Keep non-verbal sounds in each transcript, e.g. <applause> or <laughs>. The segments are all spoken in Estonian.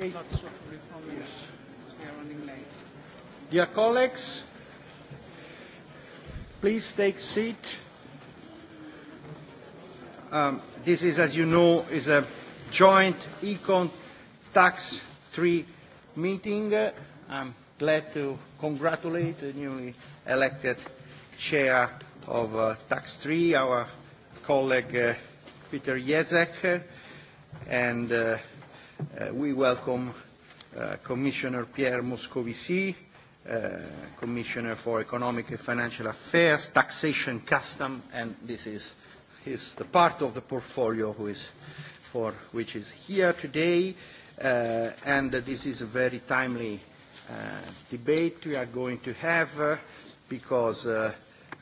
eight. Lots of reformers. We are running late. Dear colleagues, please take seat. Um, this is, as you know, is a joint Econ Tax 3 meeting. Uh, I'm glad to congratulate the newly elected chair of uh, Tax 3, our colleague uh, Peter Jezek, and uh, Uh, we welcome uh, Commissioner Pierre Moscovici, uh, Commissioner for Economic and Financial Affairs, Taxation, Custom, and this is his, the part of the portfolio who is for, which is here today. Uh, and uh, this is a very timely uh, debate we are going to have uh, because uh,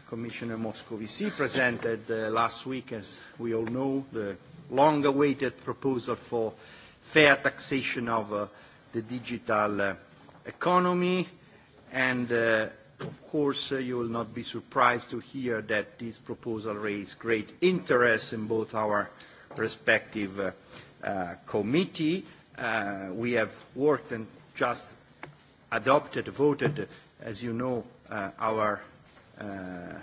Commissioner Moscovici presented uh, last week, as we all know, the long-awaited proposal for uh, fair taxation of uh, the digital uh, economy. And uh, of course, uh, you will not be surprised to hear that this proposal raised great interest in both our respective uh, uh, committee. Uh, we have worked and just adopted, voted, uh, as you know, uh, our uh,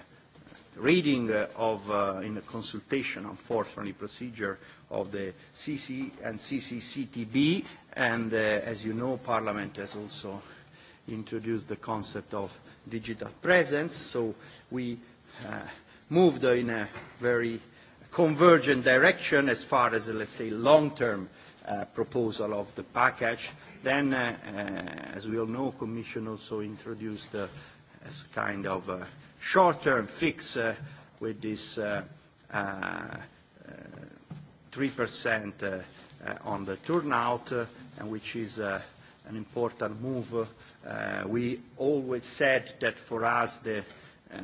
reading uh, of, uh, in a consultation on force only procedure of the CC and CCCTB, and uh, as you know, Parliament has also introduced the concept of digital presence, so we uh, moved in a very convergent direction as far as, let's say, long-term uh, proposal of the package. Then, uh, uh, as we all know, Commission also introduced uh, as kind of a short-term fix uh, with this uh, uh, 3% uh, uh, on the turnout, uh, and which is uh, an important move. Uh, we always said that for us the, uh,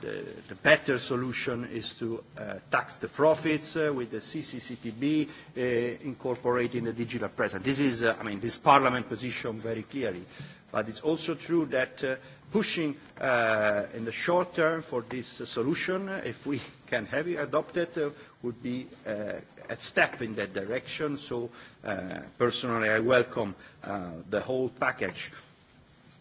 the, the better solution is to uh, tax the profits uh, with the CCCTB uh, incorporating the digital presence. This is, uh, I mean, this Parliament position very clearly. But it's also true that uh, pushing uh, in the short term for this uh, solution, if we can have it adopted, uh, would be uh, a step in that direction. So uh, personally, I welcome uh, the whole package.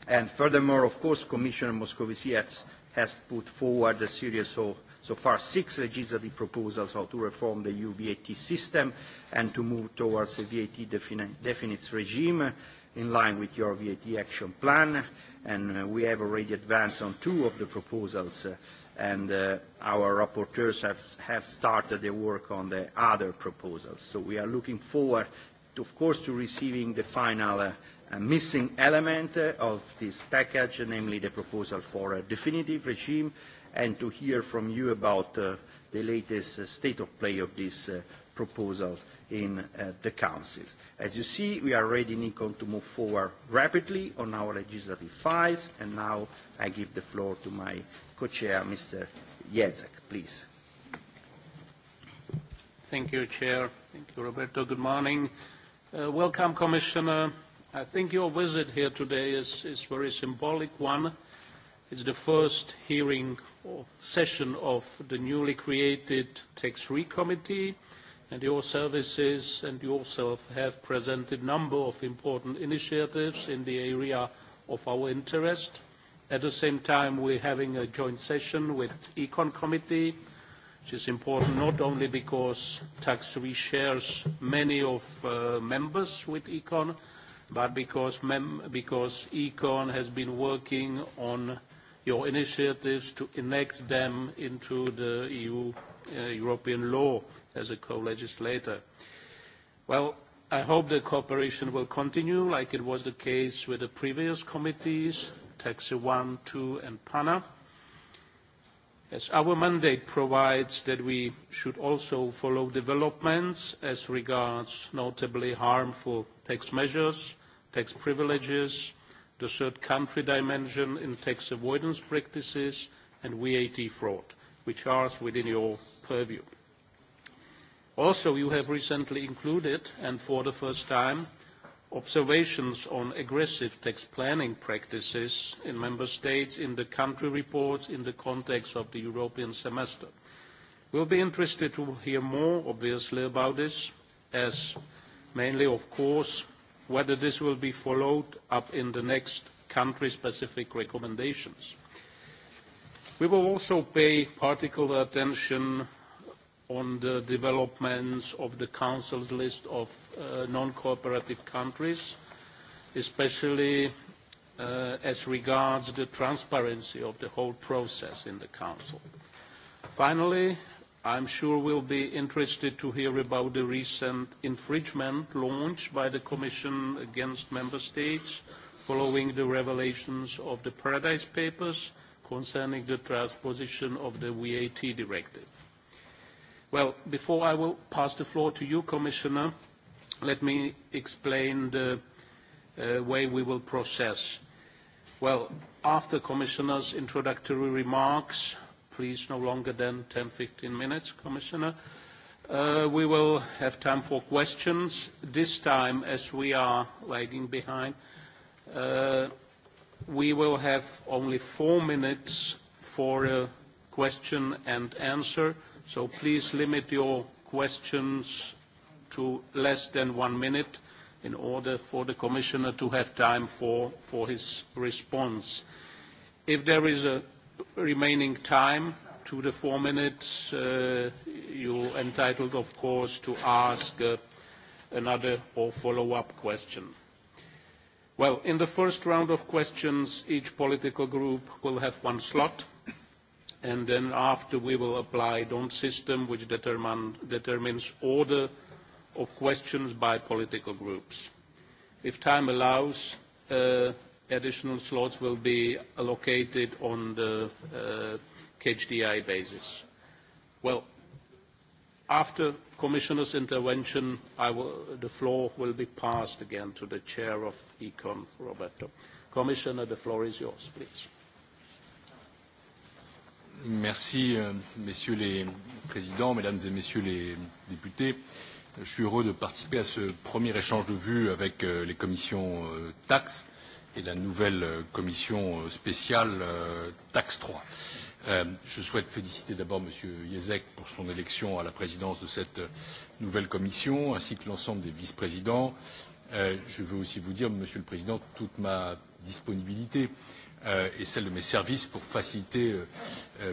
And furthermore, of course, Commissioner Moscovici has, has put forward a series of so far six legislative proposals how to reform the EU VAT system and to move towards a VAT defini definites regime in line with your VAT action plan. Uh, and uh, we have already advanced on two of the proposals, uh, and uh, our rapporteurs have, have started their work on the other proposals. So we are looking forward, to, of course, to receiving the final uh, uh, missing element uh, of this package, namely the proposal for a definitive regime, and to hear from you about uh, the latest uh, state of play of this uh, proposals in uh, the council. As you see, we are ready, Nikon, to move forward rapidly on our legislative files, and now I give the floor to my co-chair, Mr. Jezek, please. Thank you, Chair. Thank you, Roberto. Good morning. Uh, welcome, Commissioner. I think your visit here today is, is very symbolic one. It's the first hearing or session of the newly created Tax 3 Committee, uh, and your services and yourself have presented a number of important initiatives in the area of our interest. At the same time, we're having a joint session with Econ Committee, which is important not only because Tax3 shares many of uh, members with Econ, but because, mem because Econ has been working on your initiatives to enact them into the EU uh, European law as a co-legislator. Well, I hope the cooperation will continue like it was the case with the previous committees, Taxi 1, 2 and PANA, as our mandate provides that we should also follow developments as regards notably harmful tax measures, tax privileges, the third country dimension in tax avoidance practices and VAT fraud, which are within your purview. Also, you have recently included, and for the first time, observations on aggressive tax planning practices in member states in the country reports in the context of the European semester. We'll be interested to hear more, obviously, about this, as mainly, of course, whether this will be followed up in the next country-specific recommendations. We will also pay particular attention on the developments of the Council's list of uh, non-cooperative countries, especially uh, as regards the transparency of the whole process in the Council. Finally, I'm sure we'll be interested to hear about the recent infringement launched by the Commission against Member States following the revelations of the Paradise Papers – concerning the transposition of the VAT directive. Well, before I will pass the floor to you, Commissioner, let me explain the uh, way we will process. Well, after Commissioner's introductory remarks, please no longer than 10, 15 minutes, Commissioner, uh, we will have time for questions. This time, as we are lagging behind, uh, we will have only four minutes for a question and answer, so please limit your questions to less than one minute in order for the commissioner to have time for, for his response. If there is a remaining time to the four minutes, uh, you're entitled, of course, to ask uh, another or follow-up question. Well, in the first round of questions, each political group will have one slot, and then after we will apply DONT system, which determine, determines order of questions by political groups. If time allows, uh, additional slots will be allocated on the uh, KHDI basis. Well, After Commissioner's intervention, I will, the floor will be passed again to the Chair of Econ, Roberto. Commissioner, the floor is yours, please. Merci, euh, messieurs les présidents, mesdames et messieurs les députés. Je suis heureux de participer à ce premier échange de vues avec euh, les commissions euh, taxe et la nouvelle commission spéciale taxe 3. Euh, Euh, je souhaite féliciter d'abord M. Jezek pour son élection à la présidence de cette euh, nouvelle commission, ainsi que l'ensemble des vice-présidents. Euh, je veux aussi vous dire, Monsieur le Président, toute ma disponibilité et celle de mes services pour faciliter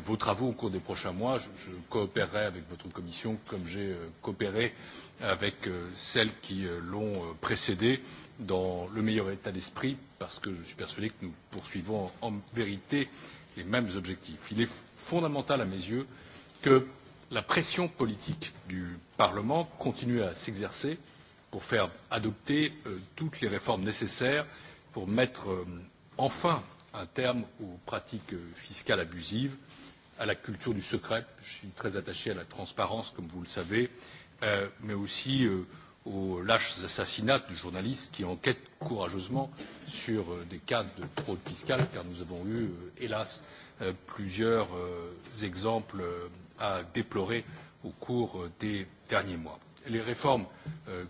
vos travaux au cours des prochains mois. Je coopérerai avec votre commission comme j'ai coopéré avec celles qui l'ont précédée dans le meilleur état d'esprit parce que je suis persuadé que nous poursuivons en vérité les mêmes objectifs. Il est fondamental à mes yeux que la pression politique du Parlement continue à s'exercer pour faire adopter euh, toutes les réformes nécessaires pour mettre euh, enfin un terme aux pratiques euh, fiscales abusives à la culture du secret je suis très attaché à la transparence comme vous le savez mais aussi aux lâches assassinats de journalistes qui enquêtent courageusement sur euh, des cas de fraude fiscale car nous avons eu euh, hélas euh, plusieurs exemples à déplorer au cours des derniers mois. les réformes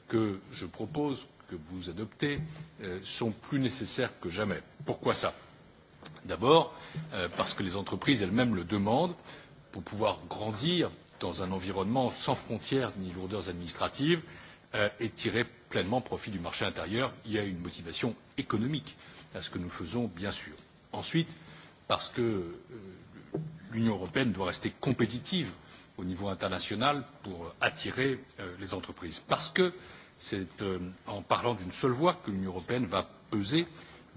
que je propose que vous adoptez sont plus nécessaires que jamais. pourquoi cela? d'abord parce que les entreprises elles mêmes le demandent pour pouvoir grandir dans un environnement sans frontières ni lourdeurs administratives et et euh, tirer pleinement profit du marché intérieur. il y a une motivation économique à ce que nous faisons bien sûr. ensuite parce que euh, l'union européenne doit rester compétitive au niveau international pour attirer euh, les entreprises parce que c'est en parlant d'une seule voix que l'union européenne va peser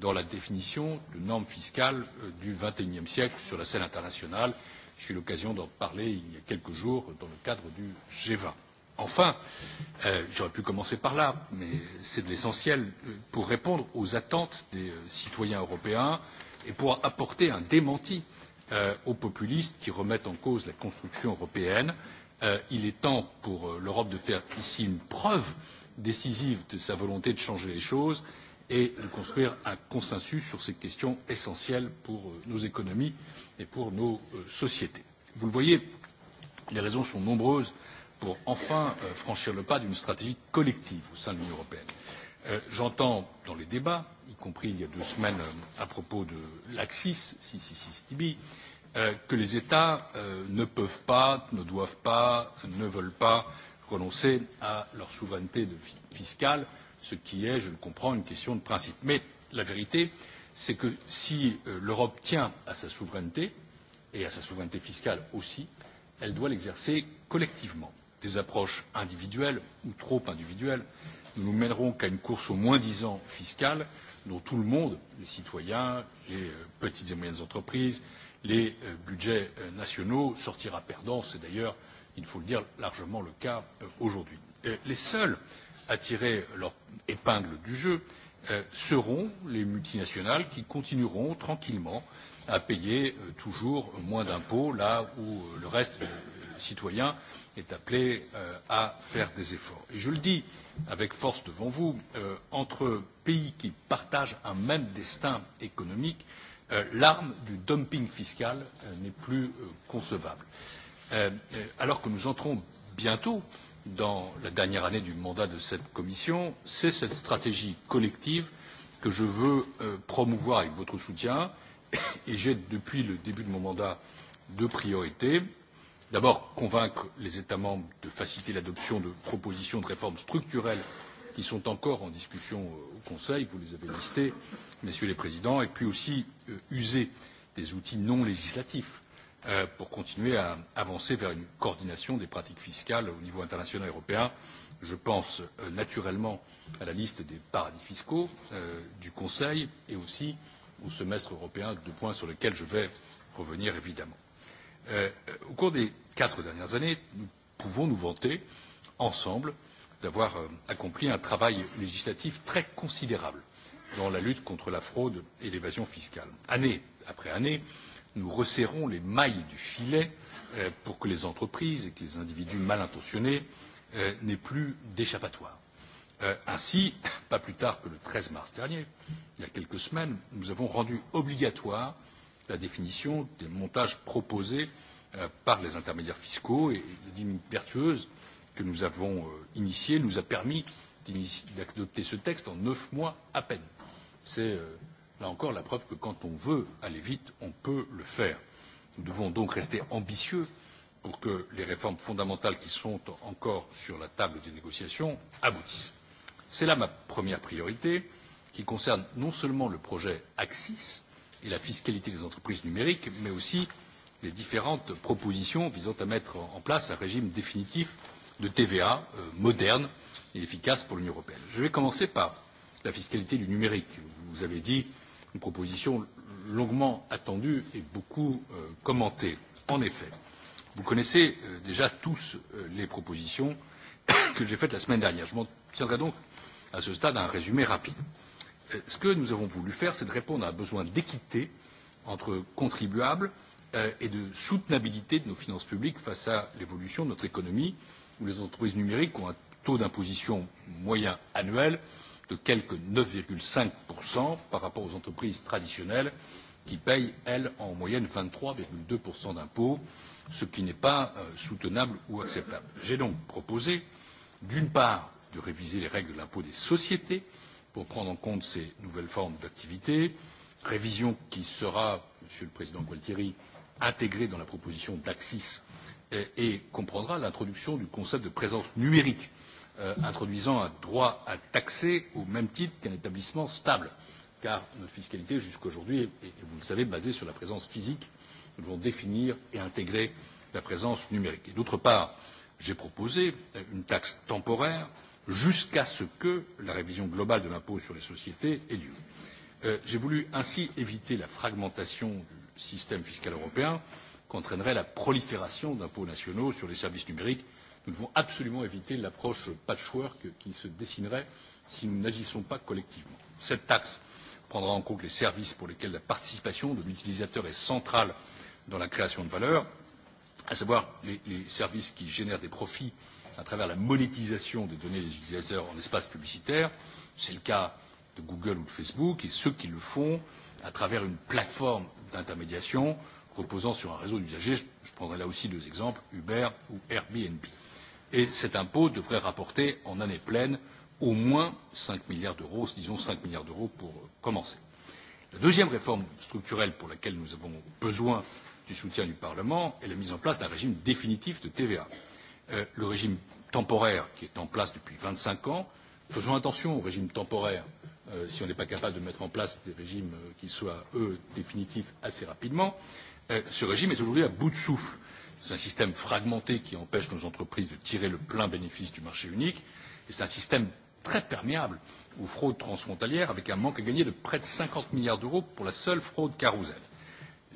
dans la définition de normes fiscales du xxie siècle sur la scène internationale. j'ai eu l'occasion d'en parler il y a quelques jours dans le cadre du g. vingt Enfin, euh, j'aurais pu commencer par là, mais c'est de l'essentiel euh, pour répondre aux attentes des euh, citoyens européens et pour apporter un démenti euh, aux populistes qui remettent en cause la construction européenne. Euh, il est temps pour euh, l'Europe de faire ici une preuve décisive de sa volonté de changer les choses et de construire un consensus sur ces questions essentielles pour euh, nos économies et pour nos euh, sociétés. Vous le voyez, les raisons sont nombreuses euh, pour enfin euh, franchir le pas d'une stratégie collective au sein de l'union européenne. Euh, j'entends dans les débats y compris il y a deux semaines euh, à propos de l'accis ccctb que les états ne peuvent pas ne doivent pas ne veulent pas renoncer à leur souveraineté fiscale ce qui est je le comprends une question de principe. mais la vérité c'est que si l'europe tient à sa souveraineté et à sa souveraineté fiscale aussi elle doit l'exercer collectivement des approches individuelles ou trop individuelles nous ne mènerons qu'à une course au moins disant fiscal dont tout le monde les citoyens les euh, petites et moyennes entreprises les euh, budgets euh, nationaux sortira perdant c'est d'ailleurs il faut le dire largement le cas aujourd'hui. les seuls à tirer leur épingle du jeu seront les multinationales qui continueront tranquillement à payer toujours moins d'impôts là où le reste citoyen est appelé euh, à faire des efforts. Et je le dis avec force devant vous euh, entre pays qui partagent un même destin économique euh, l'arme du dumping fiscal n'est plus concevable. alors que nous entrons bientôt dans la dernière année du mandat de cette commission c'est cette stratégie collective que je veux promouvoir avec votre soutien et j'ai depuis le début de mon mandat deux priorités d'abord convaincre les états membres de faciliter l'adoption de propositions de réformes structurelles qui sont encore en discussion euh, au conseil vous les avez listées messieurs les présidents et puis aussi euh, user des outils non législatifs euh, pour continuer à avancer vers une coordination des pratiques fiscales au niveau international et européen je pense naturellement à la liste des paradis fiscaux du conseil et aussi au semestre européen deux points sur lesquels je vais revenir évidemment. Euh, au cours des quatre dernières années, nous pouvons nous vanter ensemble d'avoir euh, accompli un travail législatif très considérable dans la lutte contre la fraude et l'évasion fiscale. Année après année, nous resserrons les mailles du filet euh, pour que les entreprises et que les individus mal intentionnés n'aient plus d'échappatoire. Ainsi, pas plus tard que le 13 mars dernier, il y a quelques semaines, nous avons rendu obligatoire euh, la définition des montages proposés euh, par les intermédiaires fiscaux et la dynamique vertueuse que nous avons euh, initiée nous a permis d'adopter ce texte en neuf mois à peine. c'est euh, là encore la preuve que quand on veut aller vite on peut le faire. nous devons donc rester ambitieux pour que les réformes fondamentales qui sont encore sur la table des négociations aboutissent. c'est là ma première priorité qui concerne non seulement le projet axis et la fiscalité des entreprises numériques mais aussi les différentes propositions visant à mettre en place un régime définitif de tva euh, moderne et efficace pour l'union européenne. je vais commencer par la fiscalité du numérique vous avez dit une proposition longuement attendue et beaucoup euh, commentée. en effet vous connaissez euh, déjà tous les propositions <coughs> que j'ai faites la semaine dernière. je m'en tiendrai donc à ce stade à un résumé rapide ce que nous avons voulu faire c'est répondre à un besoin d'équité entre contribuables euh, et de soutenabilité de nos finances publiques face à l'évolution de notre économie où les entreprises numériques ont un taux d'imposition moyen annuel de quelque neuf cinq par rapport aux entreprises traditionnelles qui paient elles en moyenne vingt trois deux d'impôt ce qui n'est pas euh, soutenable ou acceptable. j'ai donc proposé d'une part de réviser les règles de l'impôt des sociétés pour prendre en compte ces nouvelles formes d'activité révision qui sera monsieur le président gualtieri intégrée dans la proposition d'accis et comprendra l'introduction du concept de présence numérique euh, introduisant un droit à taxer au même titre qu'un établissement stable car notre fiscalité jusqu'à aujourd'hui est vous le savez basée sur la présence physique nous devons définir et intégrer la présence numérique. d'autre part j'ai proposé une taxe temporaire jusqu'à ce que la révision globale de l'impôt sur les sociétés ait lieu. Euh, J'ai voulu ainsi éviter la fragmentation du système fiscal européen qu'entraînerait la prolifération d'impôts nationaux sur les services numériques. Nous devons absolument éviter l'approche patchwork qui se dessinerait si nous n'agissons pas collectivement. Cette taxe prendra en compte les services pour lesquels la participation de l'utilisateur est centrale dans la création de valeur, à savoir les, les services qui génèrent des profits à travers la monétisation des données des utilisateurs en espace publicitaire. C'est le cas de Google ou de Facebook et ceux qui le font à travers une plateforme d'intermédiation reposant sur un réseau d'usagers. Je prendrai là aussi deux exemples, Uber ou Airbnb. Et cet impôt devrait rapporter en année pleine au moins 5 milliards d'euros, disons 5 milliards d'euros pour commencer. La deuxième réforme structurelle pour laquelle nous avons besoin du soutien du Parlement est la mise en place d'un régime définitif de TVA. Euh, le régime temporaire qui est en place depuis vingt cinq ans faisons attention aux régimes temporaires euh, si on n'est pas capable de mettre en place des régimes euh, qui soient eux définitifs assez rapidement ce régime est aujourd'hui à bout de souffle. c'est un système fragmenté qui empêche nos entreprises de tirer le plein bénéfice du marché unique et c'est un système très perméable aux fraudes transfrontalières avec un manque à gagner de près de cinquante milliards d'euros pour la seule fraude carrousel.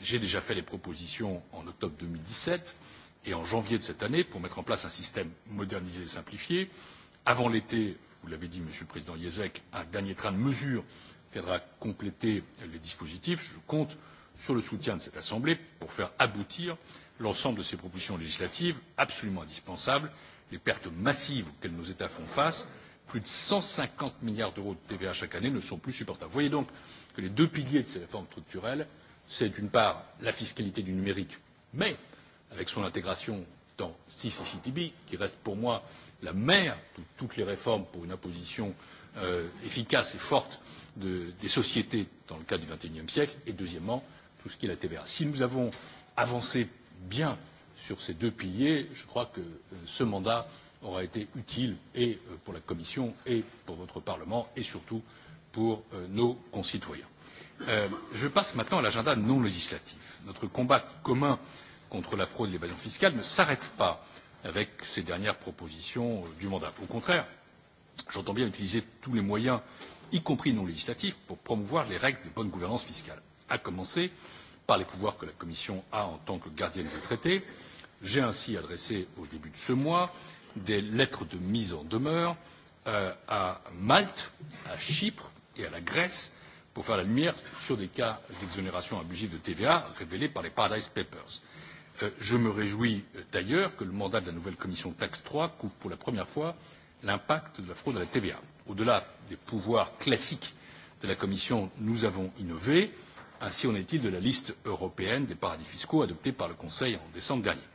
j'ai déjà fait des propositions en octobre deux mille dix sept et en janvier de cette année pour mettre en place un système modernisé et simplifié. avant l'été vous l'avez dit monsieur le président jezek un dernier train de mesures viendra compléter les dispositifs. je compte sur le soutien de cette assemblée pour faire aboutir l'ensemble de ces propositions législatives absolument indispensables les pertes massives auxquelles nos états font face plus de cent cinquante milliards d'euros de tva chaque année ne sont plus supportables. voyez donc que les deux piliers de ces réformes structurelles c'est d'une part la fiscalité du numérique mais avec son intégration dans ccctb qui reste pour moi la mère de toutes les réformes pour une imposition euh, efficace et forte de, des sociétés dans le cadre du xxie siècle et deuxièmement tout ce qui est la tva. si nous avons avancé bien sur ces deux piliers je crois que euh, ce mandat aura été utile et euh, pour la commission et pour votre parlement et surtout pour euh, nos concitoyens. Euh, je passe maintenant à l'agenda non législatif. notre combat commun contre la fraude et l'évasion fiscales ne s'arrête pas avec ces dernières propositions du mandat. au contraire j'entends bien utiliser tous les moyens y compris non législatifs pour promouvoir les règles de bonne gouvernance fiscale à commencer par les pouvoirs que la commission a en tant que gardienne des traités. j'ai ainsi adressé au début de ce mois des lettres de mise en demeure euh, à malte à chypre et à la grèce pour faire la lumière sur des cas d'exonération abusive de tva révélés par les paradise papers. Euh, je me réjouis euh, d'ailleurs que le mandat de la nouvelle commission taxe trois couvre pour la première fois l'impact de la fraude à la tva. au delà des pouvoirs classiques de la commission nous avons innové ainsi en est il de la liste européenne des paradis fiscaux adoptée par le conseil en décembre dernier.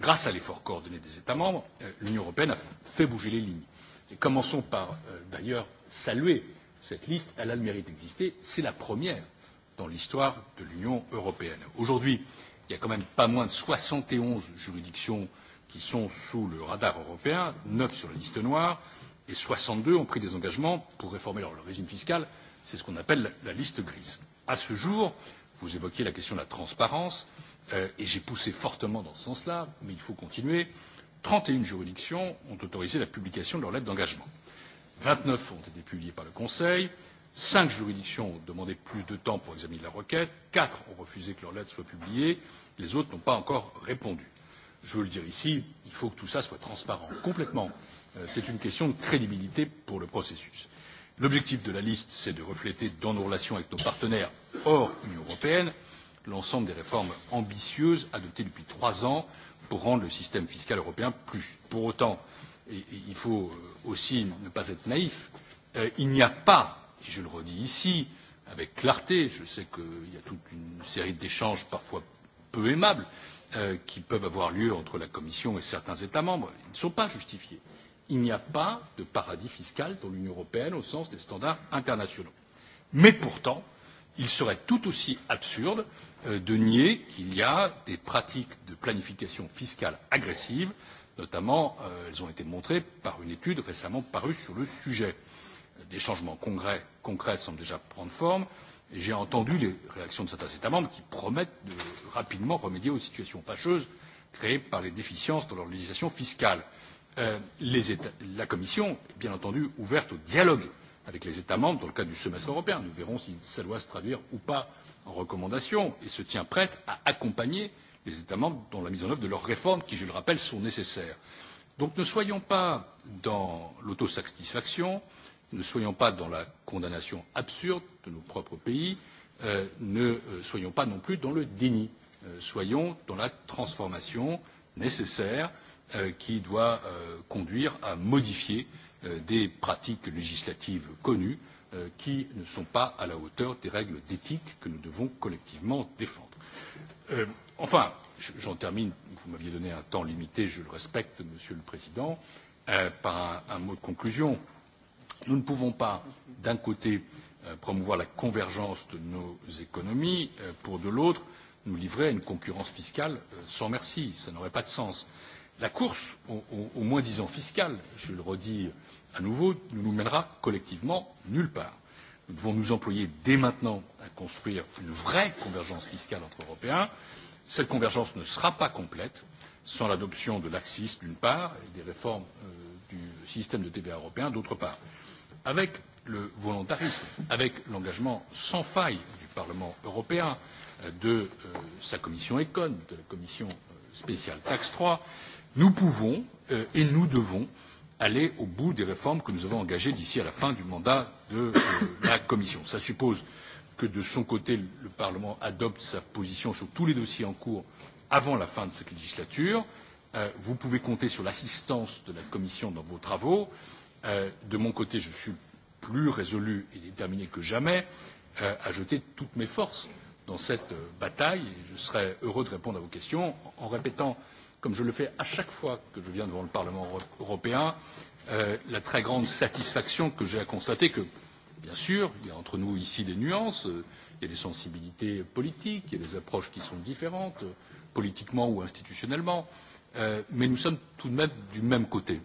grâce à l'effort coordonné des états membres euh, l'union européenne a fait bouger les lignes et commençons par d'ailleurs saluer cette liste elle a le mérite d'exister c'est la première dans l'histoire de l'union européenne. aujourd'hui il y a quand même pas moins de soixante et onze juridictions qui sont sous le radar européen neuf sur la liste noire et soixante deux ont pris des engagements pour réformer leur régime fiscal c'est ce qu'on appelle la liste grise. à ce jour vous évoquiez la question de la transparence euh, et j'ai poussé fortement dans ce sens là mais il faut continuer trente et une juridictions ont autorisé la publication de leur lettre d'engagement vingt neuf ont été publiées par le conseil Cinq juridictions ont demandé plus de temps pour examiner la requête, quatre ont refusé que leur lettre soit publiée, les autres n'ont pas encore répondu. Je veux le dire ici, il faut que tout cela soit transparent complètement. Euh, c'est une question de crédibilité pour le processus. L'objectif de la liste, c'est de refléter dans nos relations avec nos partenaires hors Union européenne l'ensemble des réformes ambitieuses adoptées depuis trois ans pour rendre le système fiscal européen plus juste. Pour autant, et il faut euh, aussi ne pas être naïf, euh, il n'y a pas et je le redis ici avec clarté je sais qu'il y a toute une série d'échanges parfois peu aimables euh, qui peuvent avoir lieu entre la commission et certains états membres ils ne sont pas justifiés. il n'y a pas de paradis fiscal dans l'union européenne au sens des standards internationaux mais pourtant il serait tout aussi absurde euh, de nier qu'il y a des pratiques de planification fiscale agressive notamment euh, elles ont été montrées par une étude récemment parue sur le sujet des changements congrès, concrets semblent déjà prendre forme et j'ai entendu les réactions de certains états membres qui promettent de rapidement remédier aux situations fâcheuses créées par les déficiences dans leur législation fiscale. Euh, les états, la commission est bien entendu ouverte au dialogue avec les états membres dans le cadre du semestre européen nous verrons si cela doit se traduire ou pas en recommandations et se tient prête à accompagner les états membres dans la mise en œuvre de leurs réformes qui je le rappelle sont nécessaires. donc ne soyons pas dans l'autosatisfaction ne soyons pas dans la condamnation absurde de nos propres pays euh, ne euh, soyons pas non plus dans le déni euh, soyons dans la transformation nécessaire euh, qui doit euh, conduire à modifier euh, des pratiques législatives connues qui ne sont pas à la hauteur des règles d'éthique que nous devons collectivement défendre. enfin j'en termine vous m'aviez donné un temps limité je le respecte monsieur le président par un, un mot de conclusion nous ne pouvons pas d'un côté euh, promouvoir la convergence de nos économies euh, pour de l'autre nous livrer à une concurrence fiscale euh, sans merci cela n'aurait pas de sens. la course au moins disant fiscal je le redis à nouveau ne nous mènera collectivement nulle part. nous devons nous employer dès maintenant à construire une vraie convergence fiscale entre européens. cette convergence ne sera pas complète sans l'adoption de l'accis d'une part et des réformes du système de tva européen d'autre part avec le volontarisme, avec l'engagement sans faille du Parlement européen, euh, de euh, sa commission ECON, de la commission euh, spéciale Taxe 3, nous pouvons et nous devons aller au bout des réformes que nous avons engagées d'ici à la fin du mandat de la Commission. Cela suppose que, de son côté, le Parlement adopte sa position sur tous les dossiers en cours avant la fin de cette législature. Vous pouvez compter sur l'assistance de la Commission dans vos travaux Euh, de mon côté je suis plus résolu et déterminé que jamais euh, à jeter toutes mes forces dans cette euh, bataille et je serai heureux de répondre à vos questions en répétant comme je le fais à chaque fois que je viens devant le parlement européen la très grande satisfaction que j'ai à constater que bien sûr il y a entre nous ici des nuances il y a des sensibilités politiques il y a des approches qui sont différentes politiquement ou institutionnellement mais nous sommes tout de même du même côté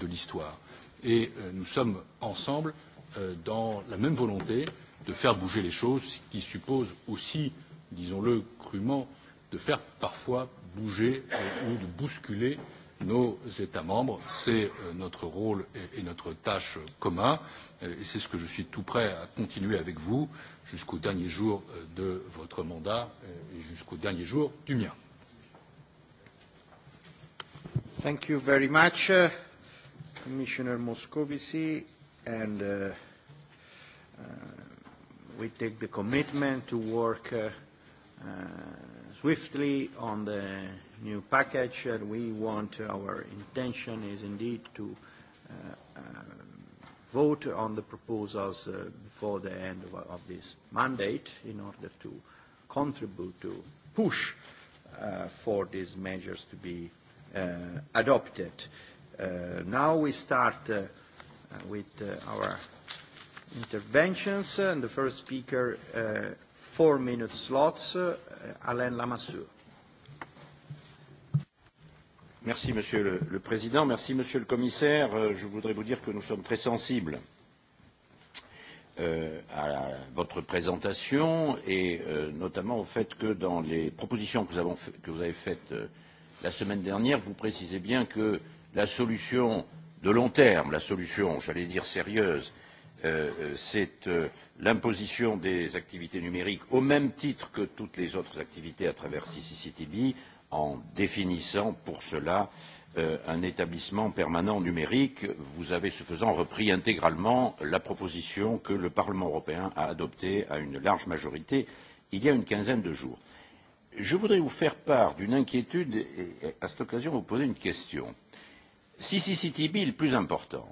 de l'histoire et euh, nous sommes ensemble euh, dans la même volonté de faire bouger les choses ce qui suppose aussi disons le crûment de faire parfois bouger euh, ou de bousculer nos états membres. c'est notre rôle et notre tâche commun et c'est ce que je suis tout prêt à continuer avec vous jusqu'au dernier jour de votre mandat et jusqu'au dernier jour du mien. thank you very much. Commissioner Moscovici, and uh, uh, we take the commitment to work uh, uh, swiftly on the new package, and we want uh, our intention is indeed to uh, uh, vote on the proposals uh, before the end of, of this mandate in order to contribute to push uh, for these measures to be uh, adopted. Uh, Uh, now we start uh, uh with uh, our interventions, uh, and the first speaker, uh, four-minute slots, Alain Lamassoure. Merci, Monsieur le, le Président. Merci, Monsieur le Commissaire. Euh, je voudrais vous dire que nous sommes très sensibles euh, à votre présentation et euh, notamment au fait que dans les propositions que, nous avons fait, que vous avez faites euh, la semaine dernière, vous précisez bien que la solution de long terme, la solution, j'allais dire sérieuse, euh, euh, c'est euh, l'imposition des activités numériques au même titre que toutes les autres activités à travers CCCTB, en définissant pour cela euh, un établissement permanent numérique. Vous avez ce faisant repris intégralement la proposition que le Parlement européen a adoptée à une large majorité il y a une quinzaine de jours. Je voudrais vous faire part d'une inquiétude et à cette occasion vous poser une question. CCCTB, le plus important,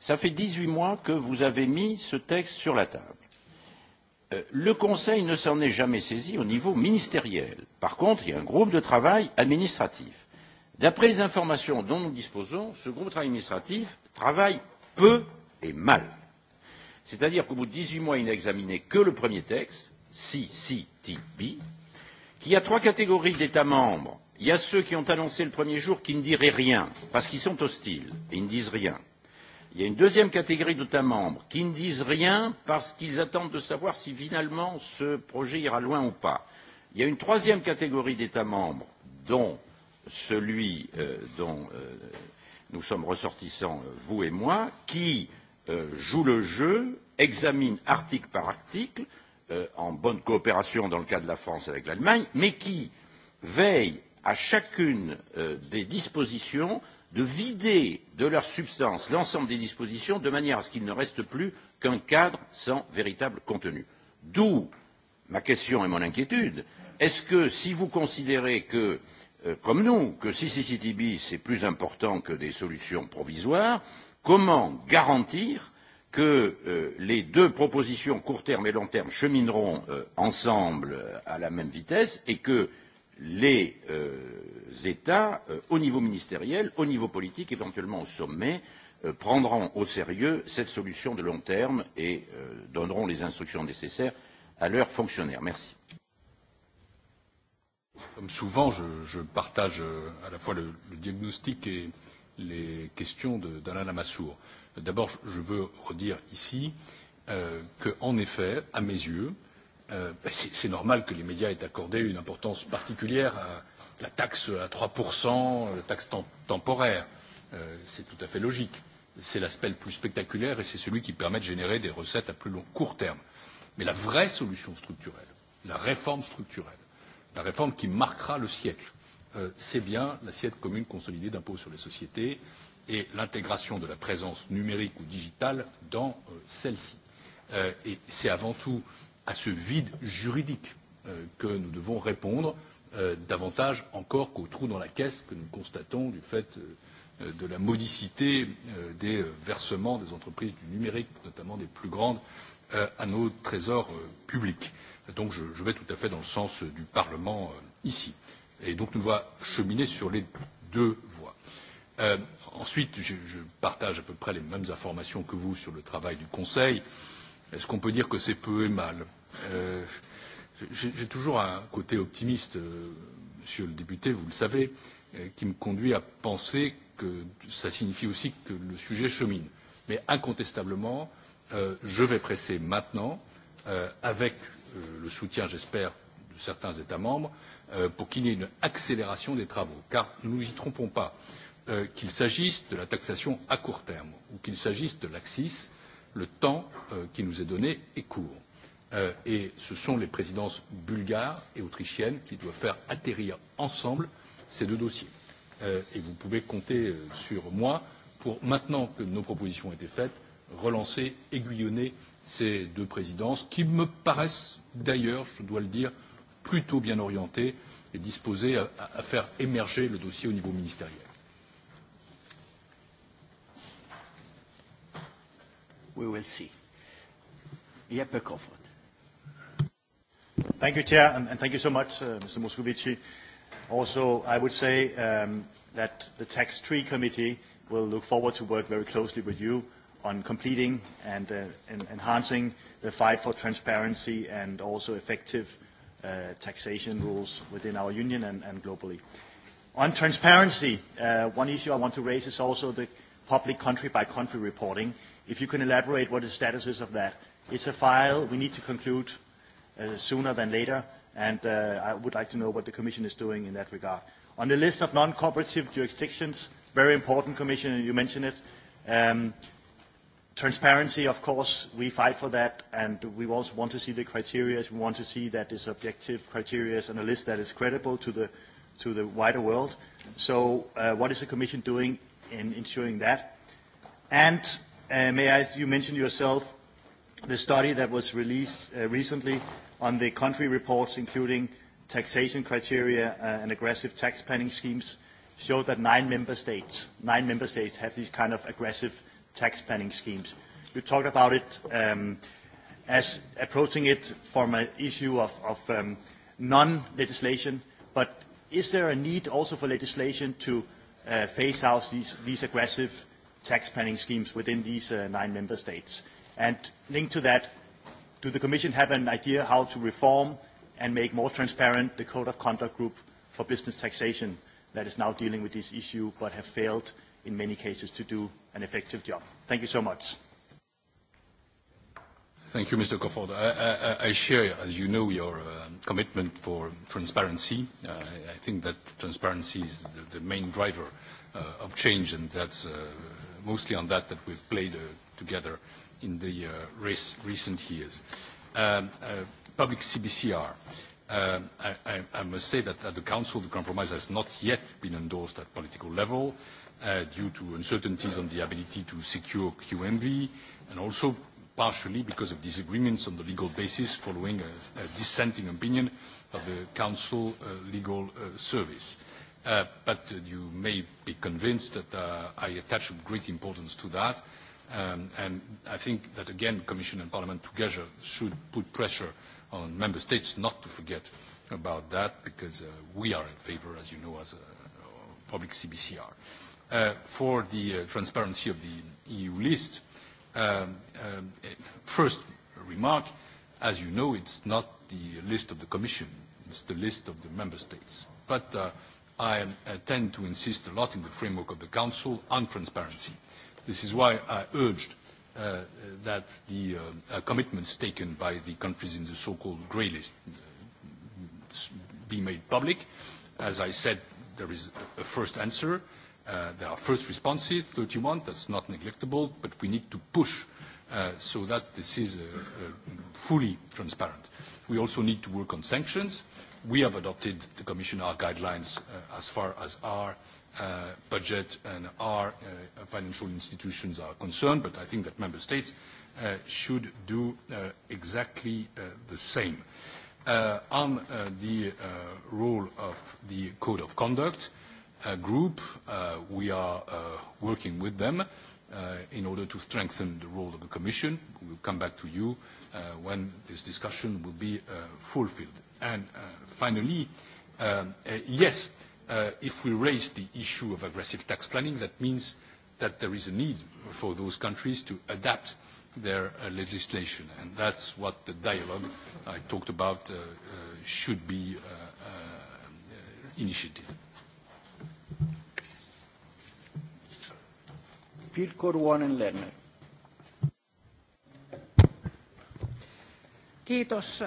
ça fait 18 mois que vous avez mis ce texte sur la table. Euh, le Conseil ne s'en est jamais saisi au niveau ministériel. Par contre, il y a un groupe de travail administratif. D'après les informations dont nous disposons, ce groupe de travail administratif travaille peu et mal. C'est-à-dire qu'au bout de 18 mois, il n'a examiné que le premier texte, CCTB, qu'il y a trois catégories d'États membres Il y a ceux qui ont annoncé le premier jour qui ne diraient rien, parce qu'ils sont hostiles, et ils ne disent rien. Il y a une deuxième catégorie d'États membres qui ne disent rien parce qu'ils attendent de savoir si finalement ce projet ira loin ou pas. Il y a une troisième catégorie d'États membres, dont celui euh, dont euh, nous sommes ressortissants, euh, vous et moi, qui euh, joue le jeu, examine article par article, euh, en bonne coopération dans le cas de la France avec l'Allemagne, mais qui veille à chacune euh, des dispositions de vider de leur substance l'ensemble des dispositions de manière à ce qu'il ne reste plus qu'un cadre sans véritable contenu. D'où ma question et mon inquiétude. Est-ce que si vous considérez que, euh, comme nous, que CCCTB c'est plus important que des solutions provisoires, comment garantir que euh, les deux propositions court terme et long terme chemineront euh, ensemble euh, à la même vitesse et que euh, les euh, États, euh, au niveau ministériel, au niveau politique, éventuellement au sommet, euh, prendront au sérieux cette solution de long terme et euh, donneront les instructions nécessaires à leurs fonctionnaires. Merci. Comme souvent, je, je partage euh, à la fois le, le diagnostic et les questions d'Alain Lamassoure. D'abord, je veux redire ici euh, qu'en effet, à mes yeux, euh, Euh, c'est normal que les médias aient accordé une importance particulière à la taxe à trois la taxe temporaire euh, c'est tout à fait logique c'est l'aspect le plus spectaculaire et c'est celui qui permet de générer des recettes à plus court terme. mais la vraie solution structurelle la réforme structurelle la réforme qui marquera le siècle euh, c'est bien l'assiette commune consolidée d'impôt sur les sociétés et l'intégration de la présence numérique ou digitale dans celle ci. c'est avant tout à ce vide juridique euh, que nous devons répondre euh, davantage encore qu'au trou dans la caisse que nous constatons du fait euh, de la modicité des versements des entreprises du numérique notamment des plus grandes à nos trésors publics. donc je vais tout à fait dans le sens du parlement ici et donc nous devons cheminer sur les deux voies. Euh, ensuite je, je partage à peu près les mêmes informations que vous sur le travail du conseil. est ce qu'on peut dire que c'est peu et mal? Euh, J'ai toujours un côté optimiste, euh, monsieur le député, vous le savez, euh, qui me conduit à penser que ça signifie aussi que le sujet chemine. Mais incontestablement, euh, je vais presser maintenant, euh, avec euh, le soutien, j'espère, de certains États membres, euh, pour qu'il y ait une accélération des travaux. Car ne nous y trompons pas, euh, qu'il s'agisse de la taxation à court terme ou qu'il s'agisse de l'AXIS, le temps euh, qui nous est donné est court Euh, et ce sont les présidences bulgare et autrichienne qui doivent faire atterrir ensemble ces deux dossiers euh, et vous pouvez compter euh, sur moi pour maintenant que nos propositions ont été faites relancer aiguillonner ces deux présidences qui me paraissent d'ailleurs je dois le dire plutôt bien orientées et disposées à, à faire émerger le dossier au niveau ministériel. We will see. Jeppe Kofod. Thank you, Chair, and, and thank you so much, uh, Mr. Moscovici. Also, I would say um, that the Tax 3 Committee will look forward to work very closely with you on completing and, uh, and enhancing the fight for transparency and also effective uh, taxation rules within our union and, and globally. On transparency, uh, one issue I want to raise is also the public country-by-country -country reporting. If you can elaborate what the status is of that. It's a file we need to conclude uh, sooner than later, and uh, I would like to know what the Commission is doing in that regard. On the list of non-cooperative jurisdictions, very important, Commissioner, you mentioned it. Um, transparency, of course, we fight for that, and we also want to see the criteria. We want to see that it's objective criteria and a list that is credible to the, to the wider world. So uh, what is the Commission doing in ensuring that? And uh, may I, you mentioned yourself the study that was released uh, recently on the country reports, including taxation criteria uh, and aggressive tax planning schemes, showed that nine member states, nine member states have these kind of aggressive tax planning schemes. You talked about it um, as approaching it from an issue of, of um, non-legislation, but is there a need also for legislation to uh, phase out these, these aggressive tax planning schemes within these uh, nine member states? Uh, And linked to that, do the Commission have an idea how to reform and make more transparent the Code of Conduct Group for Business Taxation that is now dealing with this issue but have failed in many cases to do an effective job? Thank you so much. Thank you, Mr. Kofod. I, I, I share, as you know, your uh, commitment for transparency. Uh, I think that transparency is the, the main driver uh, of change, and that's uh, mostly on that that we've played uh, together in the uh, recent years. Um, uh, public CBCR. Um, I, I, I must say that at uh, the Council, the compromise has not yet been endorsed at political level due to uncertainties on the ability to secure QMV and also partially because of disagreements on the legal basis following a, a dissenting opinion of the Council Legal Service. Uh, but uh, you may be convinced that uh, I attach great importance to that, Um, and I think that, again, Commission and Parliament together should put pressure on Member States not to forget about that, because uh, we are in favor, as you know, as a public CBCR. Uh, for the uh, transparency of the EU list, um, um, first remark, as you know, it's not the list of the Commission, it's the list of the Member States. But uh, I uh, tend to insist a lot in the framework of the Council on transparency. Uh, This is why I urged uh, that the uh, uh, commitments taken by the countries in the so-called grey list uh, be made public. As I said, there is a first answer. Uh, there are first responses, 31. That's not neglectable, but we need to push Uh, so that this is uh, uh, fully transparent. We also need to work on sanctions. We have adopted the commission our guidelines uh, as far as our uh, budget and our uh, financial institutions are concerned, but I think that member states uh, should do uh, exactly uh, the same. Uh, on uh, the uh, role of the Code of Conduct uh, group, uh, we are uh, working with them uh, in order to strengthen the role of the Commission. We'll come back to you uh, when this discussion will be uh, fulfilled. And uh, finally, um, uh, yes, uh, Uh, if we raise the issue of aggressive tax planning, that means that there is a need for those countries to adapt their uh, legislation, and that's what the dialogue I talked about uh, uh should be uh, uh, initiated. Pirkko Ruohonen Lerner. Kiitos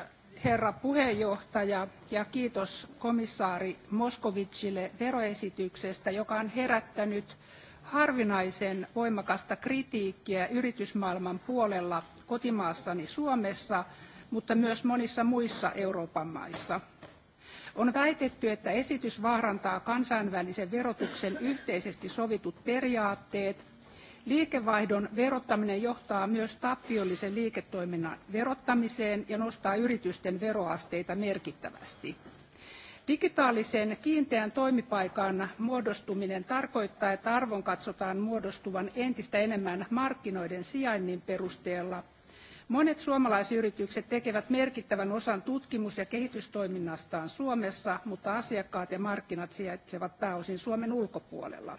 herra puheenjohtaja ja kiitos komissaari Moskovicille veroesityksestä, joka on herättänyt harvinaisen voimakasta kritiikkiä yritysmaailman puolella kotimaassani Suomessa, mutta myös monissa muissa Euroopan maissa. On väitetty, että esitys vaarantaa kansainvälisen verotuksen yhteisesti sovitut periaatteet Liikevaihdon verottaminen johtaa myös tappiollisen liiketoiminnan verottamiseen ja nostaa yritysten veroasteita merkittävästi. Digitaalisen kiinteän toimipaikan muodostuminen tarkoittaa, että arvon katsotaan muodostuvan entistä enemmän markkinoiden sijainnin perusteella. Monet suomalaisyritykset tekevät merkittävän osan tutkimus- ja kehitystoiminnastaan Suomessa, mutta asiakkaat ja markkinat sijaitsevat pääosin Suomen ulkopuolella.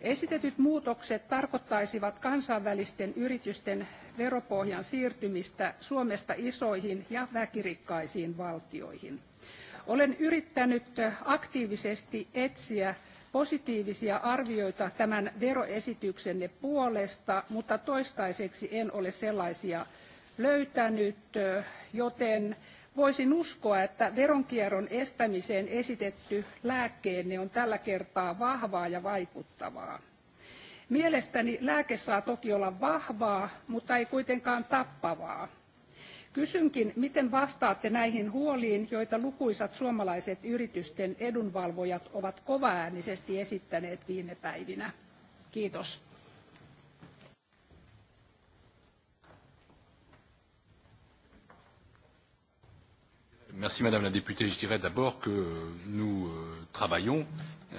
Esitetyt muutokset tarkoittaisivat kansainvälisten yritysten veropohjan siirtymistä Suomesta isoihin ja väkirikkaisiin valtioihin. Olen yrittänyt aktiivisesti etsiä positiivisia arvioita tämän veroesityksenne puolesta, mutta toistaiseksi en ole sellaisia löytänyt, joten voisin uskoa että veronkierron estämiseen esitetty lääkkeenne on tällä kertaa vahvaa ja vaikuttavaa. mielestäni lääke saa toki olla vahvaa mutta ei kuitenkaan tappavaa. kysynkin miten vastaatte näihin huoliin joita lukuisat suomalaiset yritysten edunvalvojat ovat kovaäänisesti esittäneet viime päivinä? kiitos. Merci Madame la députée. Je dirais d'abord que nous euh, travaillons euh,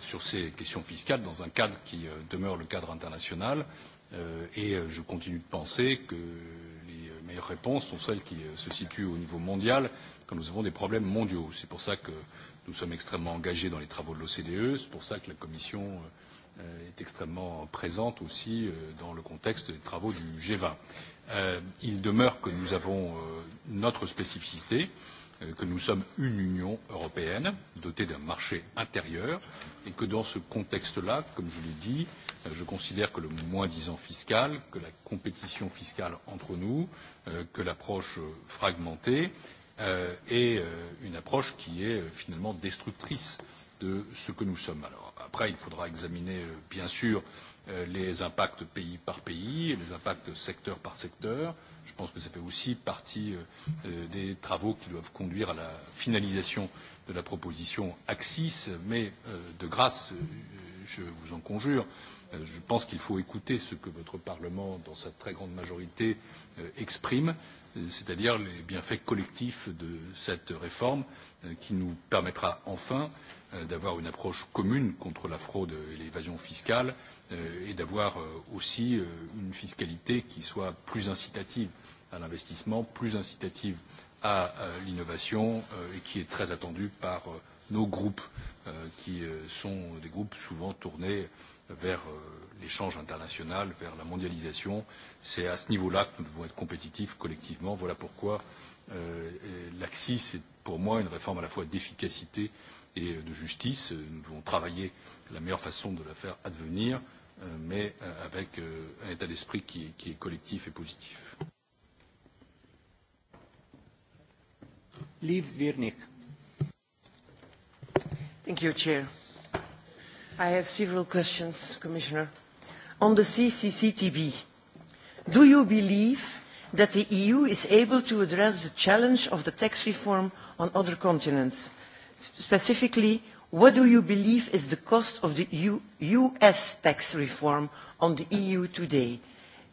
sur ces questions fiscales dans un cadre qui euh, demeure le cadre international euh, et euh, je continue de penser que les meilleures réponses sont celles qui se situent au niveau mondial quand nous avons des problèmes mondiaux. C'est pour ça que nous sommes extrêmement engagés dans les travaux de l'OCDE, c'est pour ça que la Commission euh, Euh, est extrêmement présente aussi euh, dans le contexte des travaux du G20. Euh, il demeure que nous avons notre spécificité, que nous sommes une Union européenne dotée d'un marché intérieur et que dans ce contexte-là, comme je l'ai dit, je considère que le moins-disant fiscal, que la compétition fiscale entre nous, que l'approche fragmentée est une approche qui est finalement destructrice de ce que nous sommes. Alors, Après, il faudra examiner, euh, bien sûr, euh, les impacts pays par pays, les impacts secteur par secteur. Je pense que ça fait aussi partie euh, des travaux qui doivent conduire à la finalisation de la proposition Axis, mais de grâce, je vous en conjure, je pense qu'il faut écouter ce que votre Parlement, dans sa très grande majorité, exprime c'est-à-dire les bienfaits collectifs de cette réforme euh, qui nous permettra enfin euh, d'avoir une approche commune contre la fraude et l'évasion fiscale euh, et d'avoir aussi une fiscalité qui soit plus incitative à l'investissement plus incitative à l'innovation et qui est très attendue par nos groupes qui sont des groupes souvent tournés vers l'échange international vers la mondialisation. C'est à ce niveau-là que nous devons être compétitifs collectivement. Voilà pourquoi euh, l'AXIS est pour moi une réforme à la fois d'efficacité et de justice. Nous devons travailler la meilleure façon de la faire advenir, euh, mais euh, avec euh, un état d'esprit qui, qui est collectif et positif. Liv Virnik. Thank you, Chair. I have several questions, Commissioner on the ccctb do you believe that the eu is able to address the challenge of the tax reform on other continents? specifically what do you believe is the cost of the U us tax reform on the eu today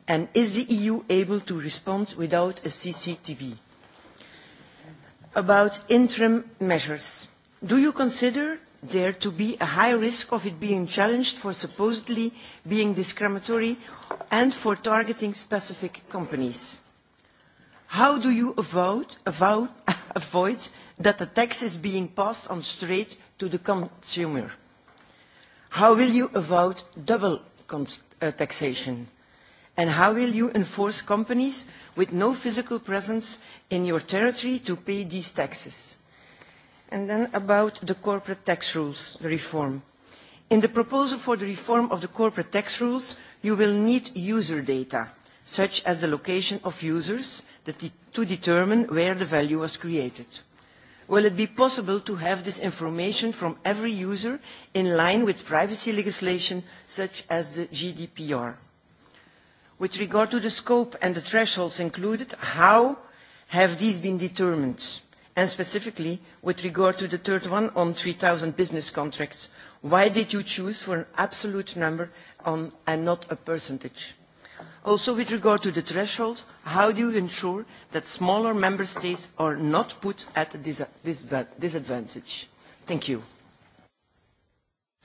and is the eu able to respond without a cctb? about interim measures do you consider there to be a high risk of it being challenged for supposedly being discriminatory and for targeting specific companies. How do you avoid, avoid, <laughs> avoid that the tax is being passed on straight to the consumer? How will you avoid double uh, taxation? And how will you enforce companies with no physical presence in your territory to pay these taxes? and then about the corporate tax rules reform. In the proposal for the reform of the corporate tax rules, you will need user data, such as the location of users, to determine where the value was created. Will it be possible to have this information from every user in line with privacy legislation such as the GDPR? With regard to the scope and the thresholds included, how have these been determined? and specifically with regard to the third one on 3,000 business contracts? Why did you choose for an absolute number on, and not a percentage? Also, with regard to the threshold, how do you ensure that smaller member states are not put at a dis dis disadvantage? Thank you.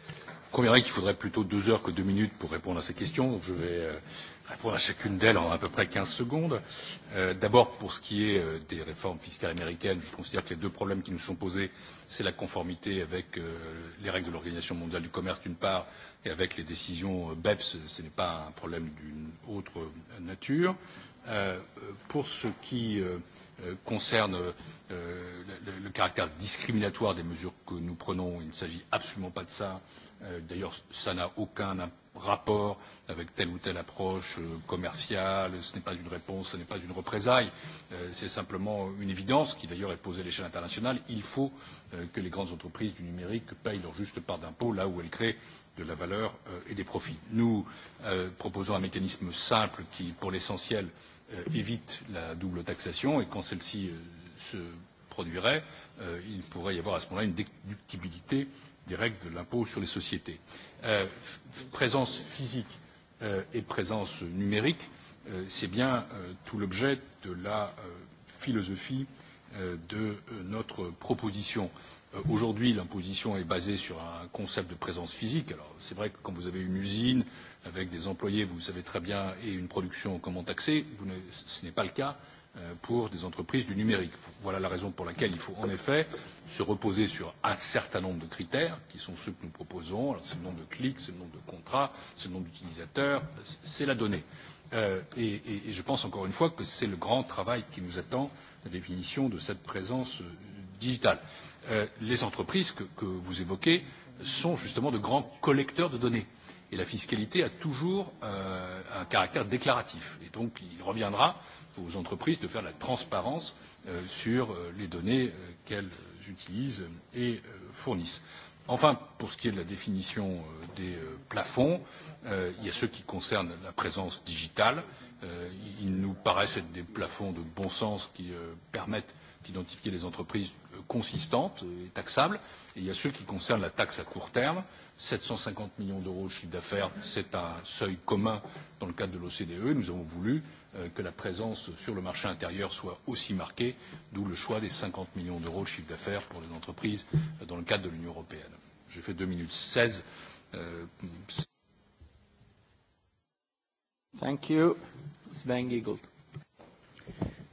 Vous conviendrez qu'il faudrait plutôt deux heures que deux minutes pour répondre à ces questions, donc je vais euh, répondre ah, à chacune d'elles en à peu près 15 secondes. Euh, D'abord, pour ce qui est euh, des réformes fiscales américaines, je considère que les deux problèmes qui nous sont posés, c'est la conformité avec euh, les règles de l'Organisation mondiale du commerce, d'une part, et avec les décisions euh, BEPS, ce n'est pas un problème d'une autre euh, nature. Euh, euh, pour ce qui euh, euh, concerne euh, le, le, le caractère discriminatoire des mesures que nous prenons, il ne s'agit absolument pas de ça. Euh, Euh, d'ailleurs, ça n'a aucun rapport avec telle ou telle approche euh, commerciale, ce n'est pas une réponse, ce n'est pas une représaille, euh, c'est simplement une évidence qui d'ailleurs est posée à l'échelle internationale. Il faut que les grandes entreprises du numérique payent leur juste part d'impôt là où elles créent de la valeur et des profits. Nous proposons un mécanisme simple qui, pour l'essentiel, évite la double taxation et quand celle-ci se produirait, il pourrait y avoir à ce moment-là une déductibilité des règles de l'impôt sur les sociétés. Euh, présence physique euh, et présence numérique, euh, c'est bien euh, tout l'objet de la euh, philosophie euh, de euh, notre proposition. Euh, Aujourd'hui, l'imposition est basée sur un concept de présence physique. Alors, c'est vrai que quand vous avez une usine avec des employés, vous le savez très bien, et une production, comment taxer vous ne, Ce n'est pas le cas euh, Euh, pour des entreprises du numérique. Voilà la raison pour laquelle il faut en effet se reposer sur un certain nombre de critères qui sont ceux que nous proposons. C'est le nombre de clics, c'est le nombre de contrats, c'est le nombre d'utilisateurs, c'est la donnée. Euh, et, et, et je pense encore une fois que c'est le grand travail qui nous attend, la définition de cette présence euh, digitale. Euh, les entreprises que, que vous évoquez sont justement de grands collecteurs de données et la fiscalité a toujours euh, un caractère déclaratif et donc il reviendra euh, aux entreprises de faire de la transparence euh, sur euh, les données euh, qu'elles utilisent et fournissent. enfin pour ce qui est de la définition des plafonds il y a ceux qui concernent la présence digitale ils nous paraissent être des plafonds de bon sens qui permettent d'identifier les entreprises consistantes et taxables et il y a ceux qui concernent la taxe à court terme sept cent cinquante millions d'euros de chiffre d'affaires c'est un seuil commun dans le cadre de l'ocde nous avons voulu Euh, que la présence sur le marché intérieur soit aussi marquée, d'où le choix des 50 millions d'euros de chiffre d'affaires pour les entreprises euh, dans le cadre de l'Union européenne. J'ai fait 2 minutes 16. Euh, Thank you. Sven Giegold.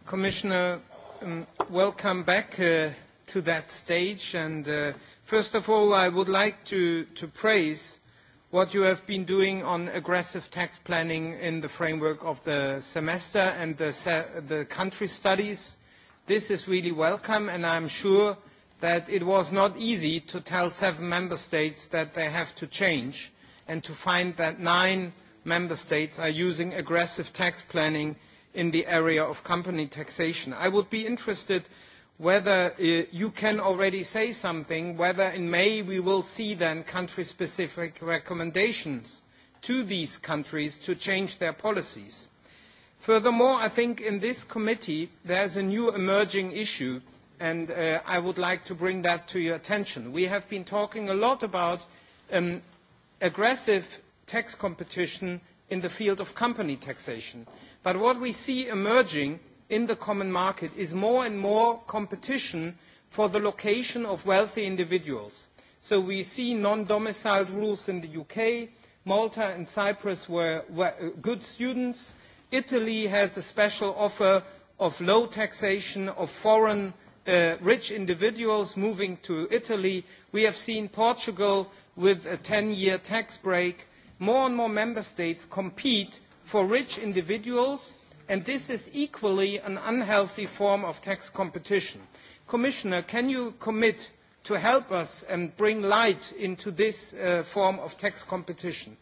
Commissioner, um, welcome back uh, to that stage. And uh, first of all, I would like to, to praise what you have been doing on aggressive tax planning in the framework of the semester and the, se the country studies. This is really welcome, and I'm sure that it was not easy to tell seven member states that they have to change and to find that nine member states are using aggressive tax planning in the area of company taxation. I would be interested uh, whether uh, you can already say something, whether in May we will see then country-specific recommendations to these countries to change their policies. Furthermore, I think in this committee there's a new emerging issue, and uh, I would like to bring that to your attention. We have been talking a lot about um, aggressive tax competition in the field of company taxation. But what we see emerging in the common market is more and more competition for the location of wealthy individuals. So we see non-domiciled rules in the UK, Malta and Cyprus were, were uh, good students. Italy has a special offer of low taxation of foreign uh, rich individuals moving to Italy. We have seen Portugal with a 10-year tax break. More and more member states compete for rich individuals and this is equally an unhealthy form of tax competition. Commissioner, can you commit to help us and bring light into this uh, form of tax competition?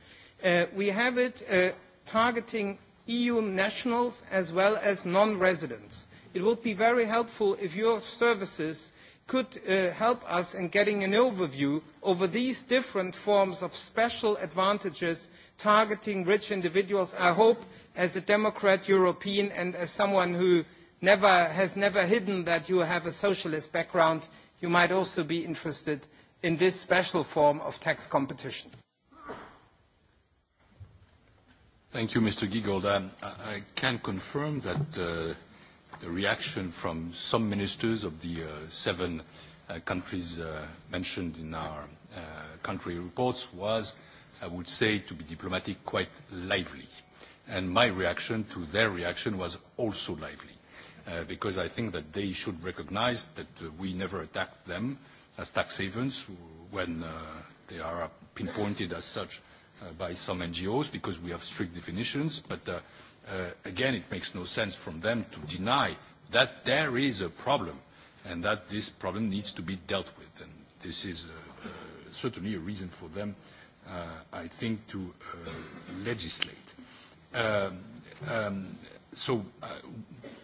Uh, we have it uh, targeting EU nationals as well as non-residents. It would be very helpful if your services could uh, help us in getting an overview over these different forms of special advantages targeting rich individuals. I hope as a Democrat European and as someone who never, has never hidden that you have a socialist background, you might also be interested in this special form of tax competition. Thank you, Mr. Giegold. Um, I can confirm that uh, the reaction from some ministers of the uh, seven uh, countries uh, mentioned in our uh, country reports was, I would say, to be diplomatic, quite lively and my reaction to their reaction was also lively, uh, because I think that they should recognize that uh, we never attack them as tax havens when uh, they are pinpointed as such uh, by some NGOs, because we have strict definitions. But uh, uh, again, it makes no sense from them to deny that there is a problem and that this problem needs to be dealt with. And this is uh, uh, certainly a reason for them, uh, I think, to uh, legislate. Um, um, so uh,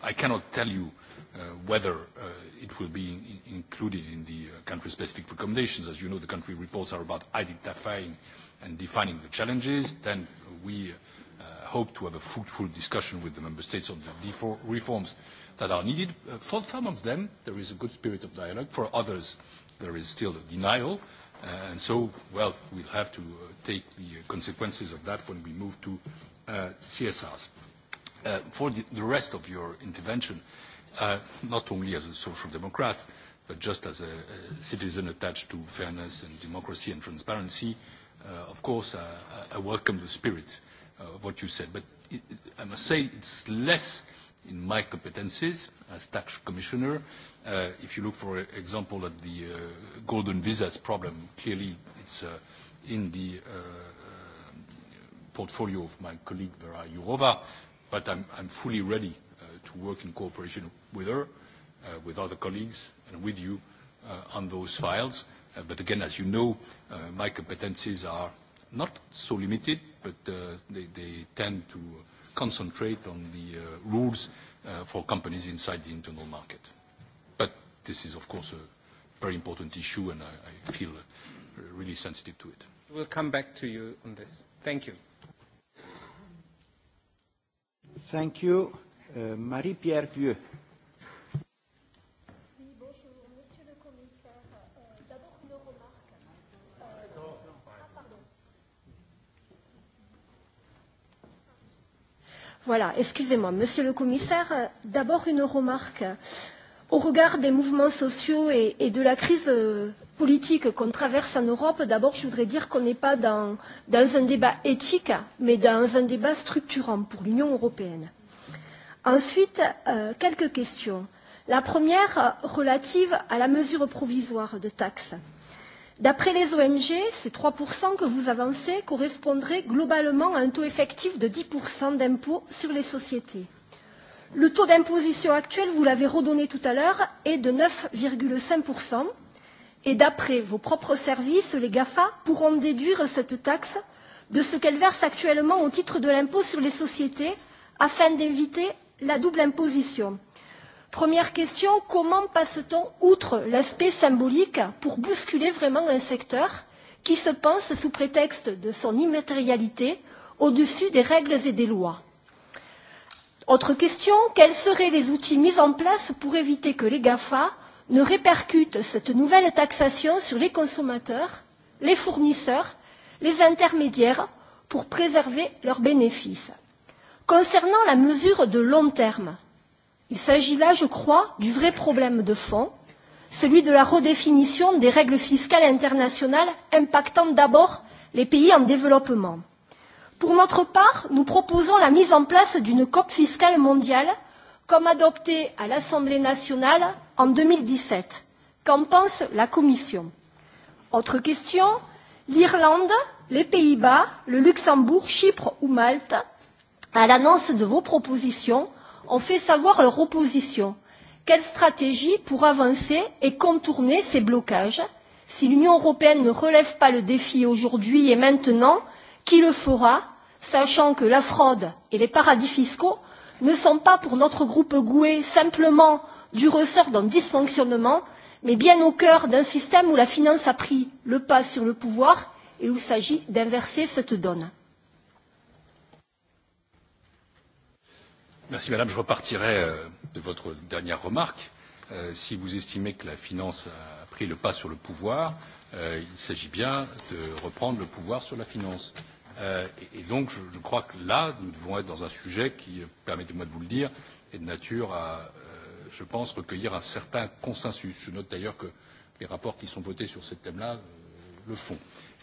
I cannot tell you uh, whether uh, it will be in included in the uh, country-specific recommendations. As you know, the country reports are about identifying and defining the challenges. Then we uh, hope to have a fruitful discussion with the member states on the reforms that are needed. Uh, for some of them, there is a good spirit of dialogue. For others, there is still a denial. And so, well, we'll have to take the consequences of that when we move to uh, CSRs. Uh, for the, the rest of your intervention, uh, not only as a social democrat, but just as a, a citizen attached to fairness and democracy and transparency, uh, of course, uh, I, I welcome the spirit of what you said. But it, it, I must say it's less in my competencies as tax commissioner. Uh, if you look, for example, at the uh, golden visas problem, clearly it's uh, in the uh, portfolio of my colleague, Vera Jourova, but I'm, I'm fully ready uh, to work in cooperation with her, uh, with other colleagues, and with you uh, on those files. But again, as you know, my competencies are not so limited, but they, they tend to concentrate on the rules for companies inside the internal market. But this is, of course, a very important issue, and I, I feel really sensitive to it. We'll come back to you on this. Thank you. Thank you. Euh, Marie-Pierre Vieux. Oui, bonjour, monsieur le commissaire. Euh, D'abord, une remarque. Euh, ah, pardon. Voilà, excusez-moi, monsieur le commissaire. Euh, d'abord, une remarque. Euh, Au regard des mouvements sociaux et, et de la crise euh, politique qu'on traverse en Europe, d'abord je voudrais dire qu'on n'est pas dans, dans un débat éthique, mais dans un débat structurant pour l'Union européenne. Ensuite, euh, quelques questions. La première relative à la mesure provisoire de taxes. D'après les ONG, ces 3% que vous avancez correspondraient globalement à un taux effectif de 10% d'impôt sur les sociétés. Le taux d'imposition actuel, vous l'avez redonné tout à l'heure, est de 9,5%. Et d'après vos propres services, les GAFA pourront déduire cette taxe de ce qu'elles versent actuellement au titre de l'impôt sur les sociétés afin d'éviter la double imposition. Première question, comment passe-t-on outre l'aspect symbolique pour bousculer vraiment un secteur qui se pense sous prétexte de son immatérialité au-dessus des règles et des lois Autre question, quels seraient les outils mis en place pour éviter que les GAFA ne répercutent cette nouvelle taxation sur les consommateurs, les fournisseurs, les intermédiaires pour préserver leurs bénéfices Concernant la mesure de long terme, il s'agit là, je crois, du vrai problème de fond, celui de la redéfinition des règles fiscales internationales impactant d'abord les pays en développement. Pour notre part, nous proposons la mise en place d'une COP fiscale mondiale, comme adoptée à l'Assemblée nationale en 2017. Qu'en pense la Commission Autre question, l'Irlande, les Pays-Bas, le Luxembourg, Chypre ou Malte, à l'annonce de vos propositions, ont fait savoir leur opposition. Quelle stratégie pour avancer et contourner ces blocages Si l'Union européenne ne relève pas le défi aujourd'hui et maintenant, qui le fera, sachant que la fraude et les paradis fiscaux ne sont pas pour notre groupe GUE simplement du ressort d'un dysfonctionnement, mais bien au cœur d'un système où la finance a pris le pas sur le pouvoir et où il s'agit d'inverser cette donne. Merci Madame, je repartirai euh, de votre dernière remarque. Euh, si vous estimez que la finance a pris le pas sur le pouvoir, euh, il s'agit bien de reprendre le pouvoir sur la finance. Euh, Euh, et, et donc, je, je crois que là, nous devons être dans un sujet qui, euh, permettez-moi de vous le dire, est de nature à, euh, je pense, recueillir un certain consensus. Je note d'ailleurs que les rapports qui sont votés sur ce thème-là euh, le font.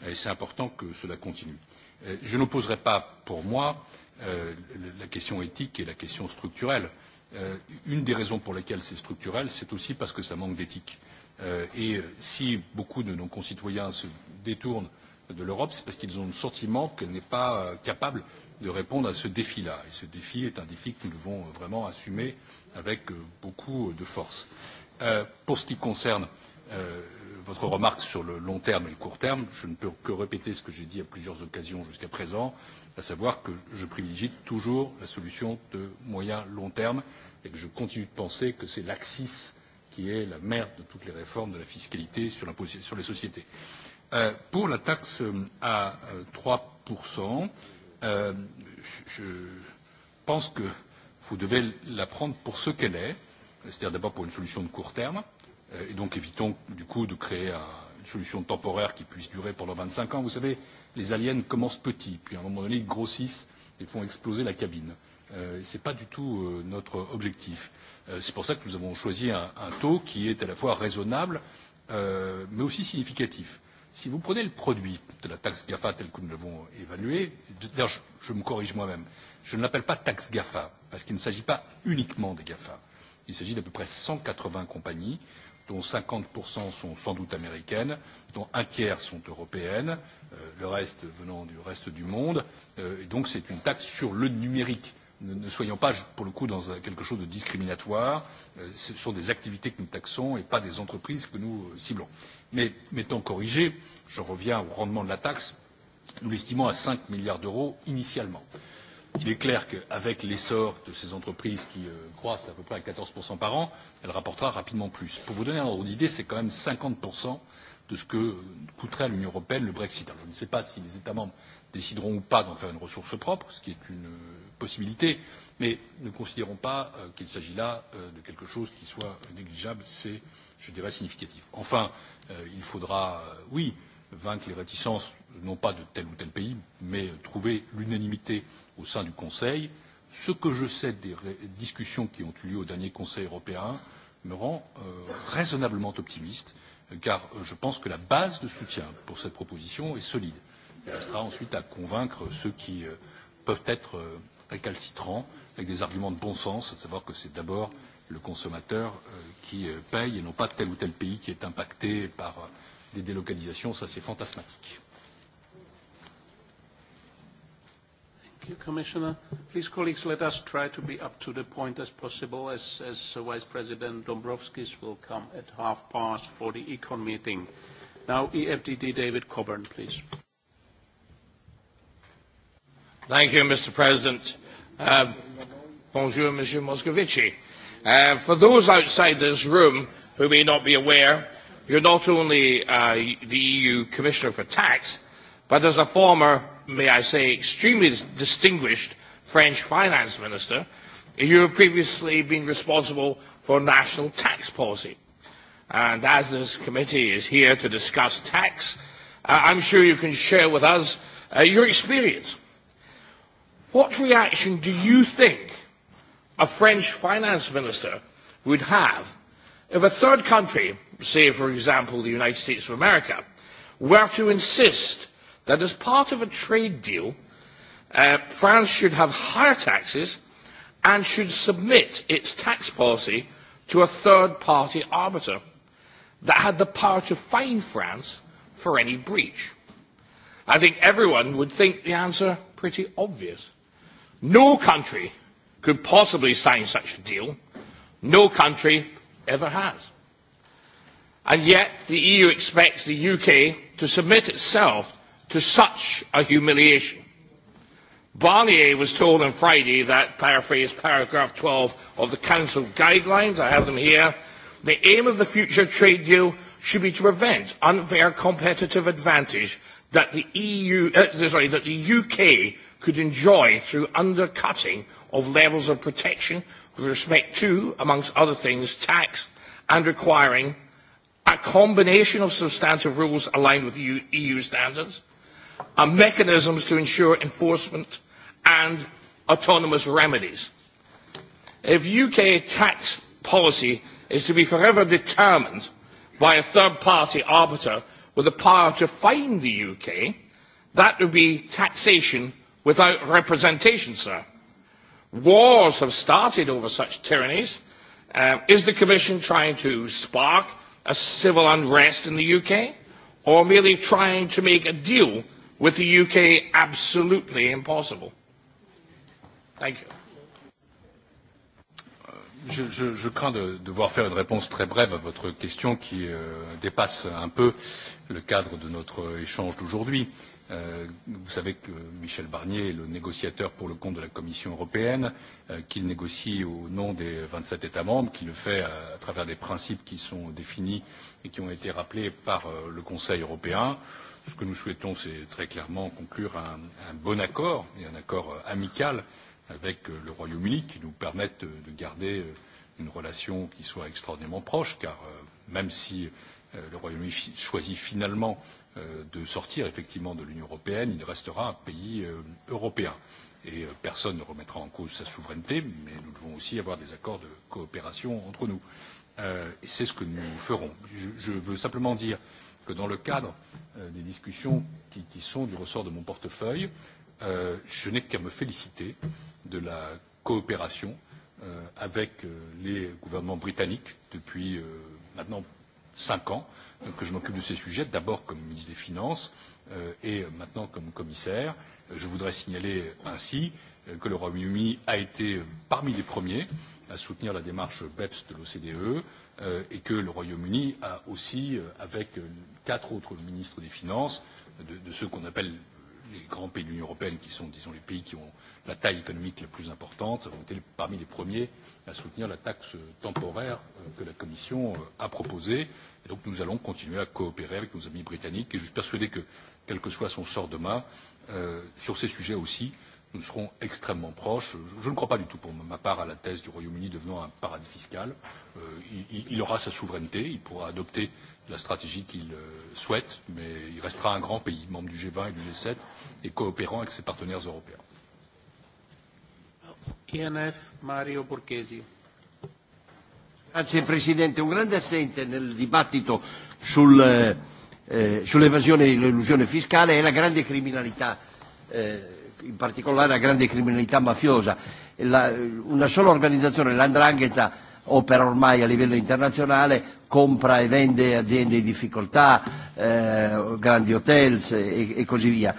Et c'est important que cela continue. Euh, je n'opposerai pas, pour moi, euh, la question éthique et la question structurelle. Euh, une des raisons pour lesquelles c'est structurel, c'est aussi parce que ça manque d'éthique. Euh, et euh, si beaucoup de nos concitoyens se détournent euh, de l'Europe, c'est parce qu'ils ont le sentiment qu'elle n'est pas euh, capable de répondre à ce défi-là. Et ce défi est un défi que nous devons euh, vraiment assumer avec euh, beaucoup de force. Euh, pour ce qui concerne euh, votre remarque sur le long terme et le court terme, je ne peux que répéter ce que j'ai dit à plusieurs occasions jusqu'à présent, à savoir que je privilégie toujours la solution de moyen-long terme et que je continue de penser que c'est l'axis qui est la mère de toutes les réformes de la fiscalité sur, sur les sociétés. Euh, pour la taxe euh, à 3%, euh, euh je pense que vous devez la prendre pour ce qu'elle est, c'est-à-dire d'abord pour une solution de court terme, euh, et donc évitons du coup de créer un, euh, une solution temporaire qui puisse durer pendant 25 ans. Vous savez, les aliens commencent petits, puis à un moment donné, ils grossissent et font exploser la cabine. Euh, Ce n'est pas du tout euh, notre objectif. Euh, C'est pour ça que nous avons choisi un, un taux qui est à la fois raisonnable, euh, mais aussi significatif. Euh, si vous prenez le produit de la taxe GAFA tel que nous l'avons évalué, d'ailleurs je, je me corrige moi-même, je ne l'appelle pas taxe GAFA parce qu'il ne s'agit pas uniquement des GAFA. Il s'agit d'à peu près 180 compagnies dont 50% sont sans doute américaines, dont un tiers sont européennes, euh, le reste venant du reste du monde. Euh, et donc c'est une taxe sur le numérique. Ne, ne soyons pas, pour le coup, dans quelque chose de discriminatoire. Euh, ce sont des activités que nous taxons et pas des entreprises que nous euh, ciblons mais m'étant corrigé j'en reviens au rendement de la taxe nous l'estimons à cinq milliards d'euros initialement. il est clair qu'avec l'essor de ces entreprises qui euh, croissent à peu près à quatorze par an elle rapportera rapidement plus. pour vous donner un ordre d'idée c'est quand même cinquante de ce que euh, coûterait à l'union européenne le brexit. je ne sais pas si les états membres décideront ou pas d'en faire une ressource propre ce qui est une euh, possibilité mais ne considérons pas qu'il s'agit là de quelque chose qui soit négligeable c'est je dirais significatif. enfin Euh, il faudra euh, oui vaincre les réticences non pas de tel ou tel pays mais trouver l'unanimité au sein du conseil. ce que je sais des discussions qui ont eu lieu au dernier conseil européen me rend euh, raisonnablement optimiste car euh, je pense que la base de soutien pour cette proposition est solide. il restera ensuite à convaincre ceux qui euh, peuvent être euh, récalcitrants avec des arguments de bon sens à savoir que c'est d'abord le consommateur euh, qui euh, paye et non pas tel ou tel pays qui est impacté par euh, des délocalisations. Ça, c'est fantasmatique. Thank you, Commissioner. Please, colleagues, let us try to be up to the point as possible, as, as Vice President Dombrovskis will come at half past for the Econ meeting. Now, EFDD, David Coburn, please. Thank you, Mr. President. Uh, bonjour, Monsieur Moscovici. Uh, for those outside this room who may not be aware, you're not only uh, the EU Commissioner for Tax, but as a former, may I say, extremely distinguished French Finance Minister, you have previously been responsible for national tax policy. And as this committee is here to discuss tax, uh, I'm sure you can share with us uh, your experience. What reaction do you think a French finance minister would have if a third country, say for example the United States of America, were to insist that as part of a trade deal, uh, France should have higher taxes and should submit its tax policy to a third party arbiter that had the power to fine France for any breach? I think everyone would think the answer pretty obvious. No country could possibly sign such a deal. No country ever has. And yet the EU expects the UK to submit itself to such a humiliation. Barnier was told on Friday that, paraphrase paragraph 12 of the Council guidelines, I have them here, the aim of the future trade deal should be to prevent unfair competitive advantage that the, EU, uh, sorry, that the UK could enjoy through undercutting of levels of protection with respect to, amongst other things, tax and requiring a combination of substantive rules aligned with EU, EU standards and uh, mechanisms to ensure enforcement and autonomous remedies. If UK tax policy is to be forever determined by a third-party arbiter with the power to fine the UK, that would be taxation without representation, sir. Wars have started over such tyrannies. Um, is the Commission trying to spark a civil unrest in the UK, or merely trying to make a deal with the UK absolutely impossible? Thank you. Euh, je, je, je crains de devoir faire une réponse très brève à votre question qui euh, dépasse un peu le cadre de notre échange d'aujourd'hui. Euh, Euh, vous savez que Michel Barnier est le négociateur pour le compte de la Commission européenne, euh, qu'il négocie au nom des 27 États membres, qu'il le fait à travers des principes qui sont définis et qui ont été rappelés par euh, le Conseil européen. Ce que nous souhaitons, c'est très clairement conclure un, un bon accord et un accord amical avec le Royaume-Uni qui nous permette de garder une relation qui soit extraordinairement proche, car même si le Royaume-Uni choisit finalement Euh, de sortir effectivement de l'Union européenne, il restera un pays euh, européen. Et euh, personne ne remettra en cause sa souveraineté, mais nous devons aussi avoir des accords de coopération entre nous. Et c'est ce que nous ferons. Je, je veux simplement dire que dans le cadre des discussions qui, qui sont du ressort de mon portefeuille, je n'ai qu'à me féliciter de la coopération avec les gouvernements britanniques depuis maintenant cinq ans que je m'occupe de ces sujets, d'abord comme ministre des Finances euh, et maintenant comme commissaire. Euh, je voudrais signaler ainsi euh, que le Royaume-Uni a été parmi les premiers à soutenir la démarche BEPS de l'OCDE et que le Royaume-Uni a aussi, avec quatre autres ministres des Finances, de, de ceux qu'on appelle les grands pays de l'Union européenne, qui sont, disons, les pays qui ont la taille économique la plus importante, ont été parmi les premiers à soutenir la taxe temporaire que la Commission a proposée Et donc nous allons continuer à coopérer avec nos amis britanniques et je suis persuadé que, quel que soit son sort demain, euh, sur ces sujets aussi, nous serons extrêmement proches. Je ne crois pas du tout pour ma part à la thèse du Royaume-Uni devenant un paradis fiscal. Euh, il, il aura sa souveraineté, il pourra adopter la stratégie qu'il euh, souhaite, mais il restera un grand pays, membre du G20 et du G7 et coopérant avec ses partenaires européens. INF e Mario Borghesi. Grazie Presidente, un grande assente nel dibattito sul, eh, eh sull'evasione e l'illusione fiscale è e la grande criminalità, eh, in particolare la grande criminalità mafiosa. La, una sola organizzazione, l'Andrangheta, opera ormai a livello internazionale, compra e vende aziende in difficoltà, eh, grandi hotels e, e così via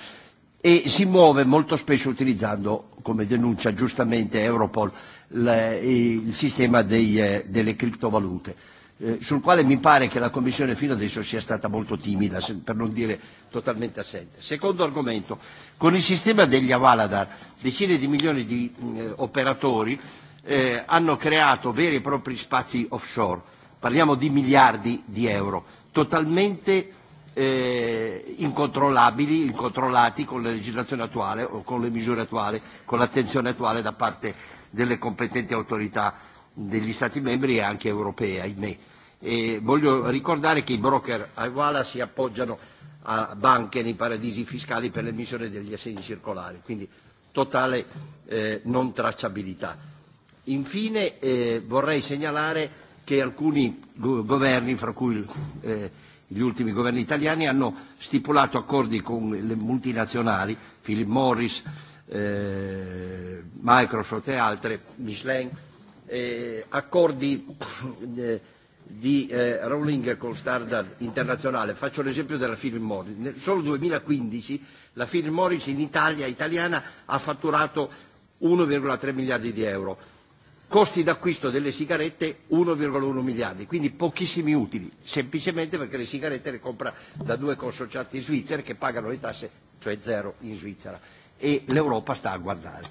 e si muove molto spesso utilizzando, come denuncia giustamente Europol, la, il sistema dei, eh, delle criptovalute, eh, sul quale mi pare che la Commissione fino adesso sia stata molto timida, se, per non dire totalmente assente. Secondo argomento, con il sistema degli Avaladar decine di milioni di eh, operatori eh, hanno creato veri e propri spazi offshore, parliamo di miliardi di euro, totalmente eh, incontrollabili, incontrollati con la legislazione attuale o con le misure attuali, con l'attenzione attuale da parte delle competenti autorità degli Stati membri e anche europee, ahimè. E voglio ricordare che i broker Aiwala si appoggiano a banche nei paradisi fiscali per l'emissione degli assegni circolari, quindi totale eh, non tracciabilità. Infine eh, vorrei segnalare che alcuni governi, fra cui eh, gli ultimi governi italiani hanno stipulato accordi con le multinazionali, Philip Morris, eh, Microsoft e altre, Michelin, eh, accordi eh, di eh, rolling con standard internazionale. Faccio l'esempio della Philip Morris. Nel solo 2015 la Philip Morris in Italia italiana ha fatturato 1,3 miliardi di euro costi d'acquisto delle sigarette 1,1 miliardi, quindi pochissimi utili, semplicemente perché le sigarette le compra da due consociati svizzeri che pagano le tasse, cioè zero in Svizzera, e l'Europa sta a guardare.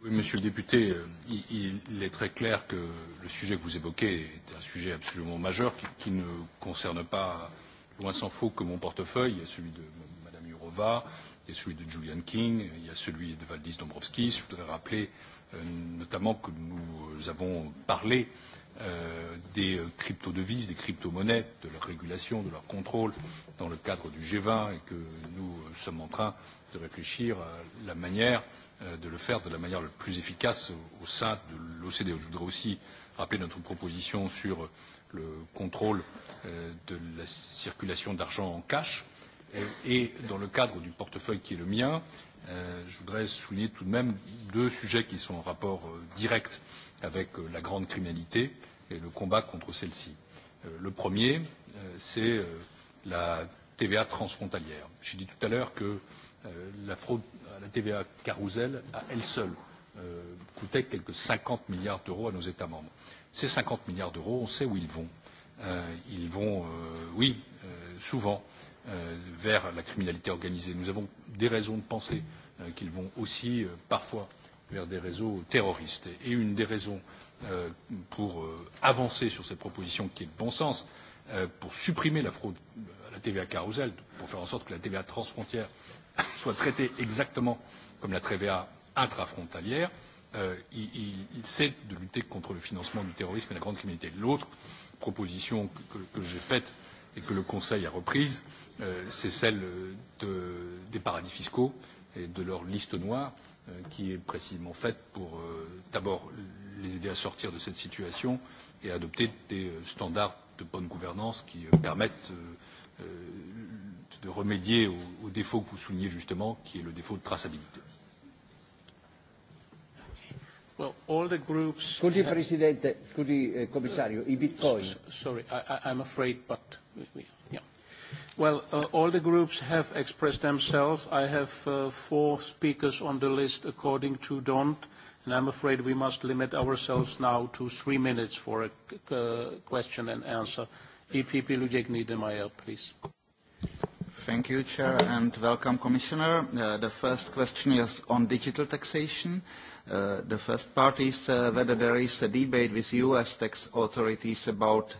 Oui, monsieur le député, euh, il, il est très clair que le sujet que vous évoquez est un sujet absolument majeur qui, qui ne concerne pas, loin s'en faut, que mon portefeuille, celui de Madame Jourova, euh, il y a celui de Julian King, il y a celui de Valdis Dombrovskis. Je voudrais rappeler euh, notamment que nous euh, avons parlé euh, des euh, crypto-devises, des crypto-monnaies, de leur régulation, de leur contrôle dans le cadre du G20 et que nous euh, sommes en train de réfléchir à la manière euh, de le faire de la manière la plus efficace au, au sein de l'OCDE. Je voudrais aussi rappeler notre proposition sur le contrôle euh, de la circulation d'argent en cash. Euh, et dans le cadre du portefeuille qui est le mien euh, je voudrais souligner tout de même deux sujets qui sont en rapport euh, direct avec euh, la grande criminalité et le combat contre celle ci. le premier c'est la tva transfrontalière. j'ai dit tout à l'heure que la fraude à la tva carrousel à elle seule coûtait quelque cinquante milliards d'euros à nos états membres. ces cinquante milliards d'euros on sait où ils vont. ils vont oui souvent Euh, vers la criminalité organisée. nous avons des raisons de penser euh, qu'ils vont aussi euh, parfois vers des réseaux terroristes et une des raisons pour avancer sur cette proposition qui est de bon sens pour supprimer la fraude à la tva carrousel pour faire en sorte que la tva transfrontière <coughs> soit traitée exactement comme la tva intrafrontalière c'est de lutter contre le financement du terrorisme et la grande criminalité. l'autre proposition que j'ai faite et que le conseil a reprise Euh, c'est celle de, des paradis fiscaux et de leur liste noire euh, qui est précisément faite pour euh, d'abord les aider à sortir de cette situation et à adopter des standards de bonne gouvernance qui permettent de remédier au, au défaut que vous soulignez justement, qui est le défaut de traçabilité. Well, all the groups... Scusi Presidente, scusi eh, Commissario, i bitcoin. S sorry, I, I'm afraid, but we, Well, uh, all the groups have expressed themselves. I have uh, four speakers on the list according to Don, and I'm afraid we must limit ourselves now to three minutes for a uh, question and answer. EPP Luděk Niedermayer, please. Thank you, Chair, and welcome, Commissioner. Uh, the first question is on digital taxation. Uh, the first part is uh, whether there is a debate with U.S. tax authorities about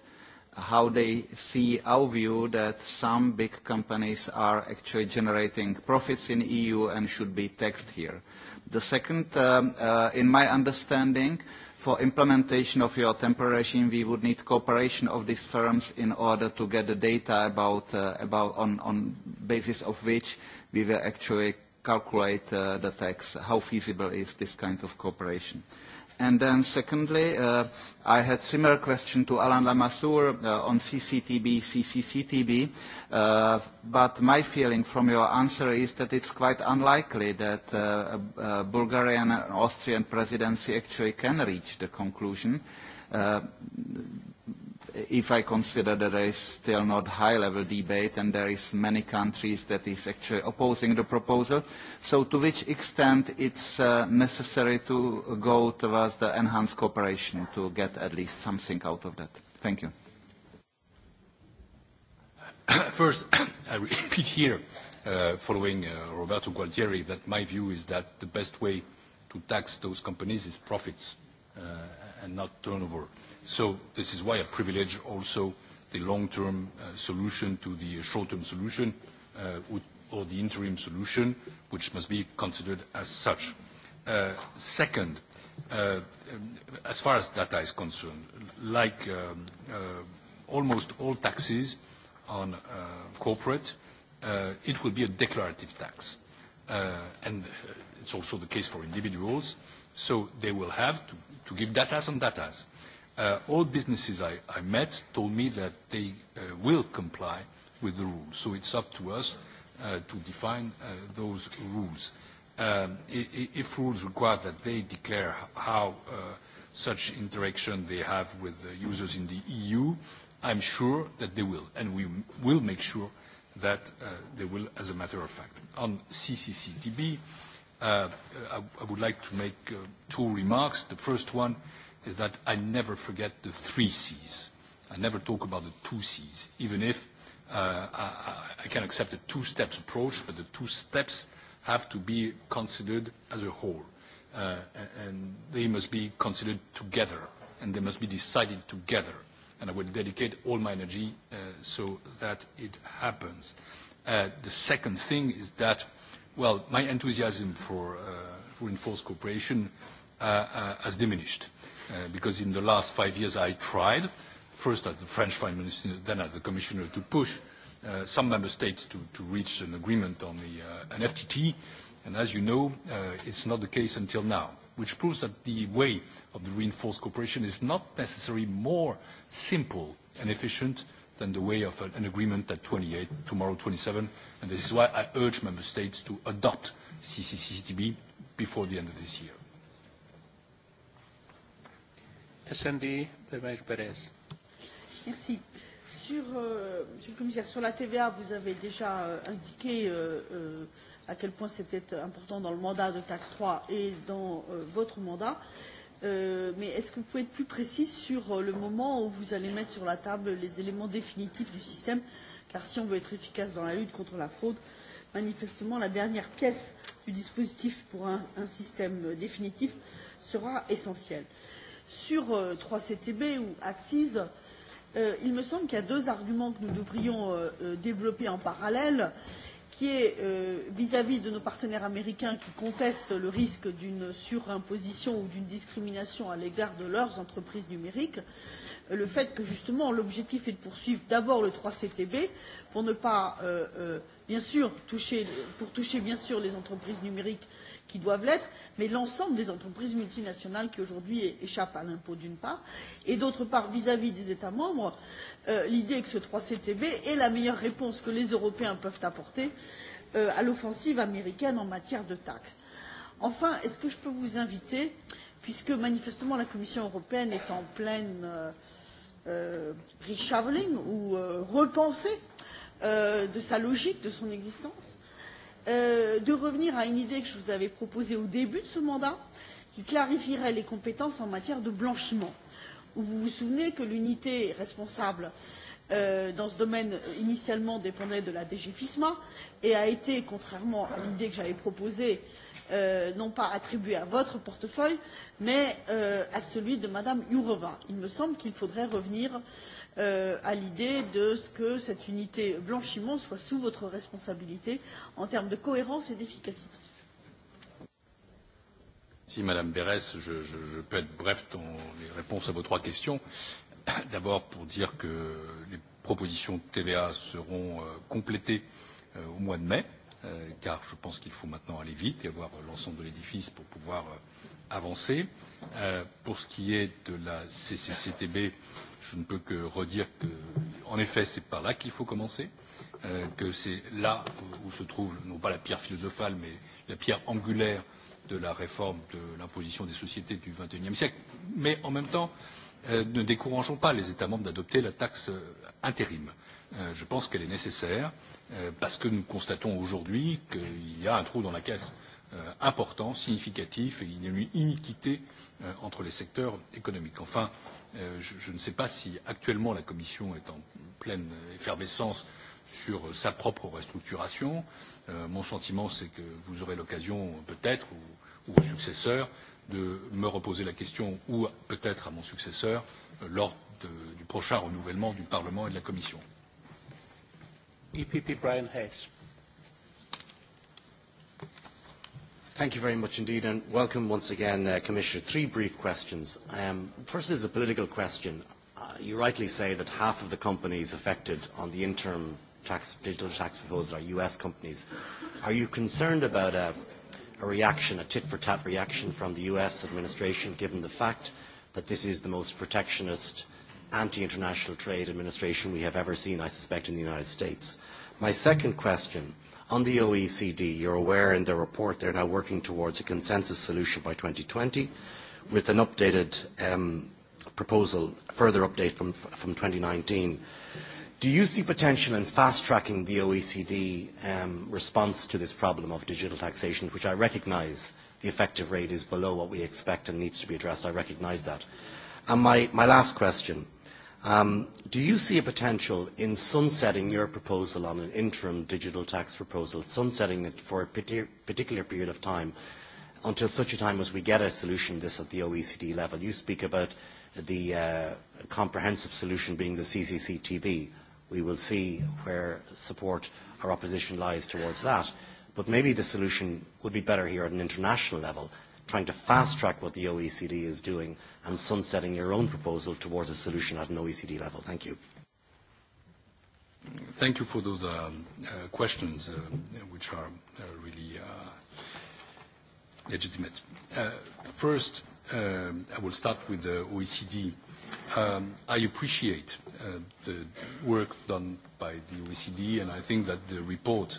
how they see our view that some big companies are actually generating profits in EU and should be taxed here. The second, um, uh, in my understanding, for implementation of your temporary regime, we would need cooperation of these firms in order to get the data about, uh, about on, on basis of which we will actually calculate uh, the tax. How feasible is this kind of cooperation? And then secondly, uh, I had similar question to Alain Lamassoure uh, on CCTB, CCCTB, uh, but my feeling from your answer is that it's quite unlikely that uh, uh, Bulgarian and Austrian presidency actually can reach the conclusion. Uh, if I consider that there is still not high-level debate and there is many countries that is actually opposing the proposal. So to which extent it's uh, necessary to go towards the enhanced cooperation to get at least something out of that? Thank you. <coughs> First, <coughs> I repeat here, uh, following uh, Roberto Gualtieri, that my view is that the best way to tax those companies is profits Uh, and not turnover. So this is why I privilege also the long-term uh, solution to the short-term solution uh, or the interim solution, which must be considered as such. Second, as far as data is concerned, like um, almost all taxes on corporate, it will be a declarative tax. And it's also the case for individuals. So they will have to to give data on data. Uh, all businesses I, I met told me that they uh, will comply with the rules. So it's up to us uh, to define uh, those rules. Um, if rules require that they declare how uh, such interaction they have with uh, users in the EU, I'm sure that they will, and we will make sure that uh, they will, as a matter of fact. On CCCTB, uh, Uh, uh, I, I would like to make uh, two remarks. The first one is that I never forget the three Cs. I never talk about the two Cs, even if uh, I, I can accept a two-steps approach, but the two steps have to be considered as a whole. Uh, and they must be considered together, and they must be decided together. And I will dedicate all my energy uh, so that it happens. Uh, the second thing is that well, my enthusiasm for uh, reinforced cooperation uh, uh, has diminished uh, because in the last five years I tried, first at the French Foreign Minister, then as the Commissioner, to push uh, some member states to, to reach an agreement on the, uh, an FTT. And as you know, uh, it's not the case until now, which proves that the way of the reinforced cooperation is not necessarily more simple and efficient uh, than the way of an agreement at 28, tomorrow 27. And this is why I urge member states to adopt CCCTB before the end of this year. SND, Pervenche Perez. Merci. Sur, euh, monsieur le commissaire, sur la TVA, vous avez déjà euh, indiqué euh, euh, à quel point c'était important dans le mandat de taxe 3 et dans euh, votre mandat. Euh, Euh, mais est-ce que vous pouvez être plus précis sur euh, le moment où vous allez mettre sur la table les éléments définitifs du système Car si on veut être efficace dans la lutte contre la fraude, manifestement, la dernière pièce du dispositif pour un, un système euh, définitif sera essentielle. Sur euh, 3CTB ou Axis, euh, il me semble qu'il y a deux arguments que nous devrions euh, euh développer en parallèle. Euh, qui est vis à vis de nos partenaires américains qui contestent le risque d'une surimposition ou d'une discrimination à l'égard de leurs entreprises numériques euh, le fait que justement l'objectif est de poursuivre d'abord le trois ctb pour ne pas euh, euh, bien sûr toucher, pour toucher bien sûr les entreprises numériques qui doivent l'être, mais l'ensemble des entreprises multinationales qui aujourd'hui échappent à l'impôt d'une part, et d'autre part vis-à-vis -vis des États membres, euh, l'idée que ce 3CTB est la meilleure réponse que les Européens peuvent apporter euh, à l'offensive américaine en matière de taxes. Enfin, est-ce que je peux vous inviter, puisque manifestement la Commission européenne est en pleine euh, euh, reshuffling ou euh, repensée euh, euh, de sa logique, de son existence, euh, de revenir à une idée que je vous avais proposée au début de ce mandat, qui clarifierait les compétences en matière de blanchiment. Euh, où vous vous souvenez que l'unité responsable euh, dans ce domaine initialement dépendait de la DG FISMA et a été, contrairement à l'idée que j'avais proposée, euh, non pas attribuée à votre portefeuille, mais euh, à celui de Madame Jourova. Il me semble qu'il faudrait revenir euh, à l'idée de ce que cette unité blanchiment soit sous votre responsabilité en termes de cohérence et d'efficacité. Si, Madame Berès, je, je, je peux être bref dans les réponses à vos trois questions. <coughs> D'abord, pour dire que les propositions de TVA seront euh, complétées euh, au mois de mai, euh, car je pense qu'il faut maintenant aller vite et avoir l'ensemble de l'édifice pour pouvoir avancer. Pour ce qui est de la CCCTB, je ne peux que redire que, en effet, c'est par là qu'il faut commencer, que c'est là où se trouve, non pas la pierre philosophale, mais la pierre angulaire de la réforme de l'imposition des sociétés du XXIe siècle. Mais en même temps, euh, ne décourageons pas les États membres d'adopter la taxe euh, intérim. Euh, je pense qu'elle est nécessaire euh, parce que nous constatons aujourd'hui qu'il y a un trou dans la caisse euh, important, significatif, et il y a une iniquité euh, entre les secteurs économiques. Enfin, euh, je, je ne sais pas si actuellement la Commission est en pleine effervescence sur euh, sa propre restructuration. Euh, Euh, mon sentiment, c'est que vous aurez l'occasion, peut-être, ou, ou au successeur, de me reposer la question, ou peut-être à mon successeur, euh, lors de, du prochain renouvellement du Parlement et de la Commission. EPP Brian Hayes. Thank you very much indeed, and welcome once again, uh, Commissioner. Three brief questions. Um, first is a political question. Uh, you rightly say that half of the companies affected on the interim tax, digital tax proposal are US companies. Are you concerned about a, a reaction, a tit-for-tat reaction from the US administration, given the fact that this is the most protectionist, anti-international trade administration we have ever seen, I suspect, in the United States? My second question, on the OECD, you're aware in their report they're now working towards a consensus solution by 2020 with an updated um, proposal, further update from, from 2019. Do you see potential in fast-tracking the OECD um, response to this problem of digital taxation, which I recognize the effective rate is below what we expect and needs to be addressed? I recognize that. And my, my last question, um, do you see a potential in sunsetting your proposal on an interim digital tax proposal, sunsetting it for a particular period of time until such a time as we get a solution this at the OECD level? You speak about the uh, comprehensive solution being the CCCTB we will see where support or opposition lies towards that. But maybe the solution would be better here at an international level, trying to fast-track what the OECD is doing and sunsetting your own proposal towards a solution at an OECD level. Thank you. Thank you for those um, uh, questions, uh, which are uh, really uh, legitimate. Uh, first, um, I will start with the OECD. Um, I appreciate Uh, the work done by the OECD, and I think that the report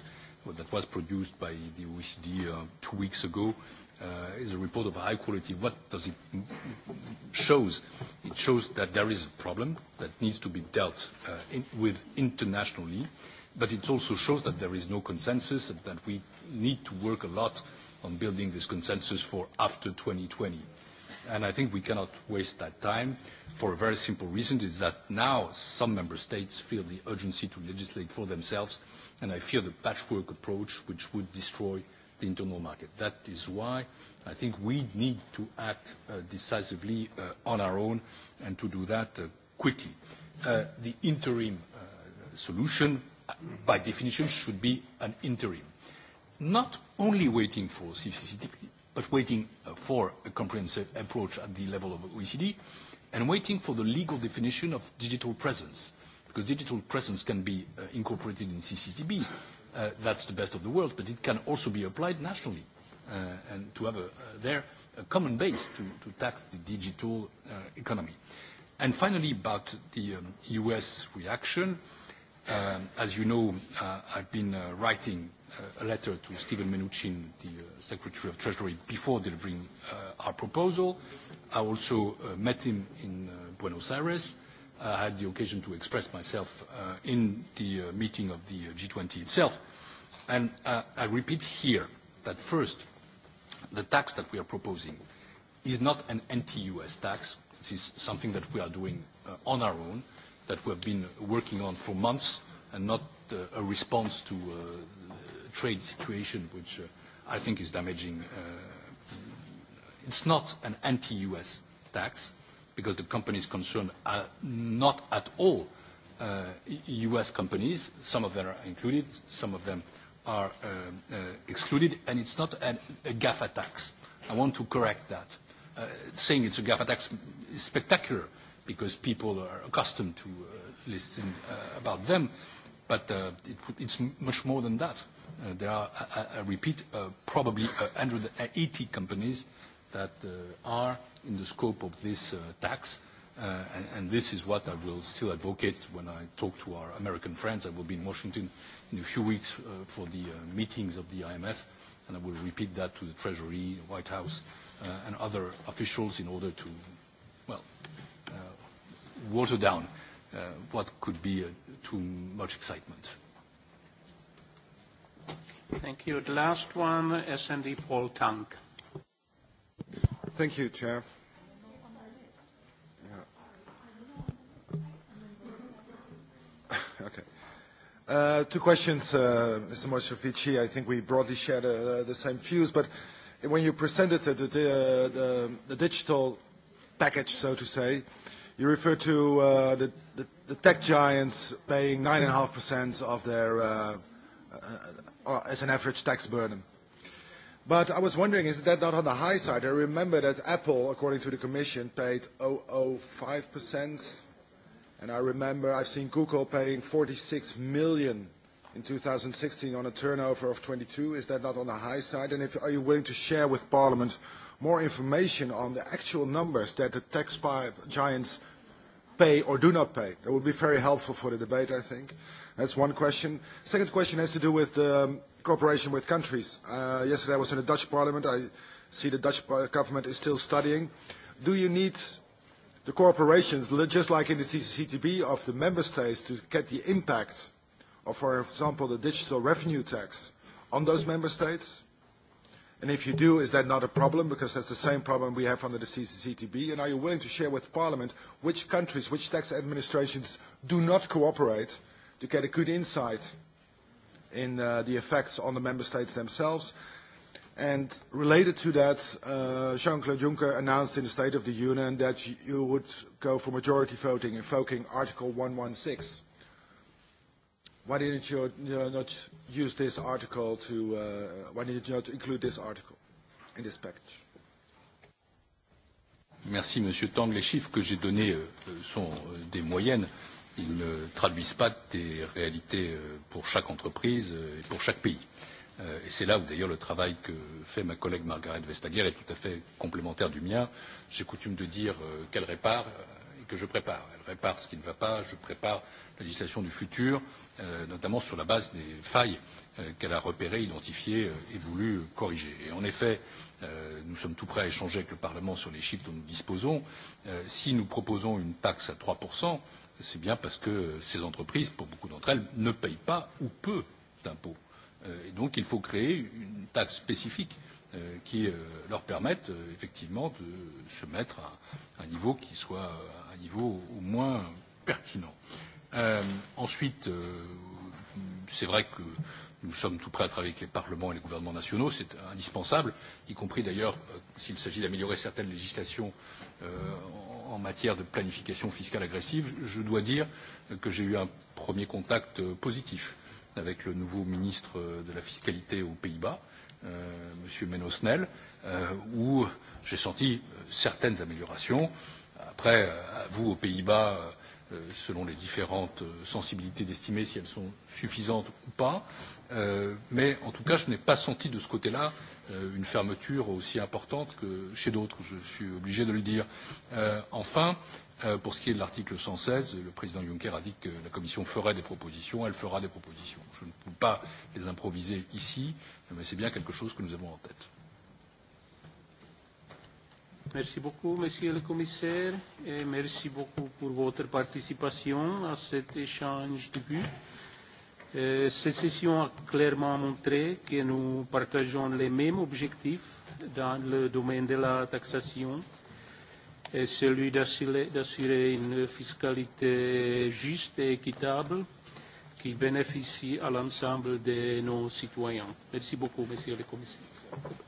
that was produced by the OECD uh, two weeks ago uh, is a report of high quality. What does it shows? It shows that there is a problem that needs to be dealt uh, in, with internationally, but it also shows that there is no consensus and that we need to work a lot on building this consensus for after 2020 and I think we cannot waste that time for a very simple reason, is that now some member states feel the urgency to legislate for themselves, and I fear the patchwork approach which would destroy the internal market. That is why I think we need to act uh, decisively uh, on our own and to do that uh, quickly. Uh, the interim uh, solution, by definition, should be an interim. Not only waiting for CCCTB but waiting uh, for a comprehensive approach at the level of OECD and waiting for the legal definition of digital presence, because digital presence can be uh, incorporated in CCTB. Uh, that's the best of the world, but it can also be applied nationally. Uh, and to have a, uh, there a common base to, to tackle the digital uh, economy. And finally, about the um, U.S. reaction, um, as you know, uh, I've been uh, writing a letter to Steven Mnuchin, the uh, Secretary of Treasury, before delivering uh, our proposal. I also uh, met him in Buenos Aires. I had the occasion to express myself in the meeting of the G20 itself. And I repeat here that first, the tax that we are proposing is not an anti-U.S. tax. It is something that we are doing on our own, that we have been working on for months, and not a response to trade situation, which uh, I think is damaging. Uh, it's not an anti-U.S. tax because the companies concerned are not at all U.S. Uh, companies. Some of them are included, some of them are excluded, and it's not an, a GAFA tax. I want to correct that. Saying it's a GAFA tax is spectacular because people are accustomed to listen about them, but it, it's much more than that. Uh, there are, I, uh, I uh, uh, repeat, uh, probably 180 companies that are in the scope of this tax. And, and this is what I will still advocate when I talk to our American friends. I will be in Washington in a few weeks for the meetings of the IMF, and I will repeat that to the Treasury, White House, and other officials in order to, well, water down what could be too much excitement. Thank you. The last one, SND Paul Tank. Thank you, Chair. Yeah. <laughs> okay. Uh, two questions, uh, Mr. Moscovici. I think we broadly share uh, the same views, but when you presented the, the, uh, the, the digital package, so to say, you referred to uh, the, the, the tech giants paying 9.5% of their uh, uh, uh, as an average tax burden. But I was wondering, is that not on the high side? I remember that Apple, according to the Commission, paid 005%, and I remember I've seen Google paying 46 million in 2016 on a turnover of 22. Is that not on the high side? And if, are you willing to share with Parliament more information on the actual numbers that the tax giants pay or do not pay? That would be very helpful for the debate, I think. That's one question. Second question has to do with um, cooperation with countries. Uh, yesterday I was in the Dutch parliament. I see the Dutch government is still studying. Do you need the corporations, just like in the CCTB, of the member states to get the impact of, for example, the digital revenue tax on those member states? And if you do, is that not a problem? Because that's the same problem we have under the CCCTB. And are you willing to share with Parliament which countries, which tax administrations do not cooperate to get a good insight in uh, the effects on the member states themselves. And related to that, uh, Jean-Claude Juncker announced in the State of the Union that you would go for majority voting, invoking Article 116. Why didn't you uh, not use this article to, uh, why did you not include this article in this package? Merci, Monsieur Tang. Les chiffres que j'ai donnés euh, sont euh, des moyennes. Euh, ils ne traduisent pas des réalités euh, pour chaque entreprise euh, et pour chaque pays. Euh, et c'est là où d'ailleurs le travail que fait ma collègue Margaret Vestager est tout à fait complémentaire du mien. J'ai coutume de dire qu'elle répare et que je prépare. Elle répare ce qui ne va pas, je prépare la législation du futur, notamment sur la base des failles qu'elle a repérées, identifiées et voulu corriger. Et en effet, nous sommes tout prêts à échanger avec le Parlement sur les chiffres dont nous disposons. Si nous proposons une taxe à 3 c'est bien parce que ces entreprises, pour beaucoup d'entre elles, ne payent pas ou peu d'impôts. Euh, et donc, il faut créer une taxe spécifique euh, qui euh, leur permette effectivement de se mettre à un niveau qui soit un niveau au moins pertinent. Euh, ensuite, euh, c'est vrai que nous sommes tout prêts à travailler avec les parlements et les gouvernements nationaux, c'est indispensable, y compris d'ailleurs s'il s'agit d'améliorer certaines législations euh, en matière de planification fiscale agressive. Je dois dire que j'ai eu un premier contact euh, positif avec le nouveau ministre euh, de la fiscalité aux Pays-Bas, euh, M. Menosnel, où j'ai senti certaines améliorations. Après, à vous, aux Pays-Bas, Euh, selon les différentes euh, sensibilités d'estimer si elles sont suffisantes ou pas. Euh, mais en tout cas, je n'ai pas senti de ce côté-là une fermeture aussi importante que chez d'autres, je suis obligé de le dire. Enfin, pour ce qui est de l'article 116, le président Juncker a dit que la Commission ferait des propositions, elle fera des propositions. Je ne peux pas les improviser ici, mais c'est bien quelque chose que nous avons en tête. Merci beaucoup, Monsieur le Commissaire, et merci beaucoup pour votre participation à cet échange de vues. Euh, cette session a clairement montré que nous partageons les mêmes objectifs dans le domaine de la taxation et celui d'assurer une fiscalité juste et équitable qui bénéficie à l'ensemble de nos citoyens. Merci beaucoup, Monsieur le Commissaire.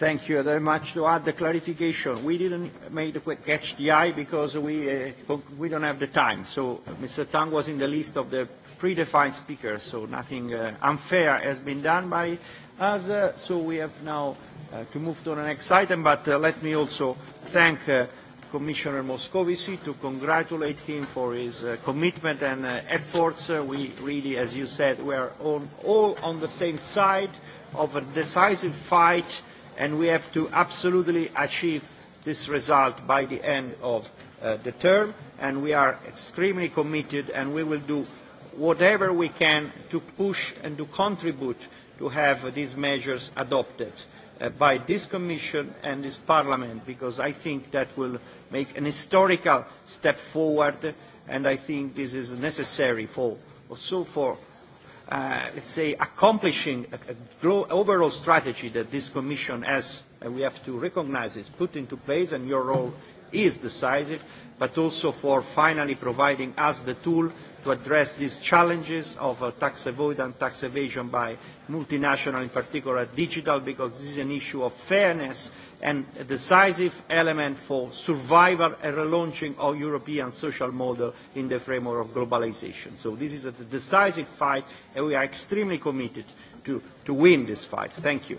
Thank you very much. To add the clarification, we didn't make the catch the eye because we, uh, we don't have the time. So Mr. Tang was in the list of the predefined speakers, so nothing uh, unfair has been done by us. Uh, so we have now uh, to move to the next item, but uh, let me also thank uh, Commissioner Moscovici to congratulate him for his uh, commitment and uh, efforts. Uh, we really, as you said, we are on, all on the same side of a decisive fight and we have to absolutely achieve this result by the end of uh, the term, and we are extremely committed, and we will do whatever we can to push and to contribute to have these measures adopted uh, by this Commission and this Parliament, because I think that will make an historical step forward, and I think this is necessary for, also for uh, let's say, accomplishing a, a grow, overall strategy that this Commission has, and we have to recognize it, put into place, and your role is decisive, but also for finally providing us the tool to address these challenges of uh, tax avoidance, tax evasion by multinational, in particular digital, because this is an issue of fairness and a decisive element for survival and relaunching of European social model in the framework of globalization. So this is a decisive fight, and we are extremely committed to, to win this fight. Thank you.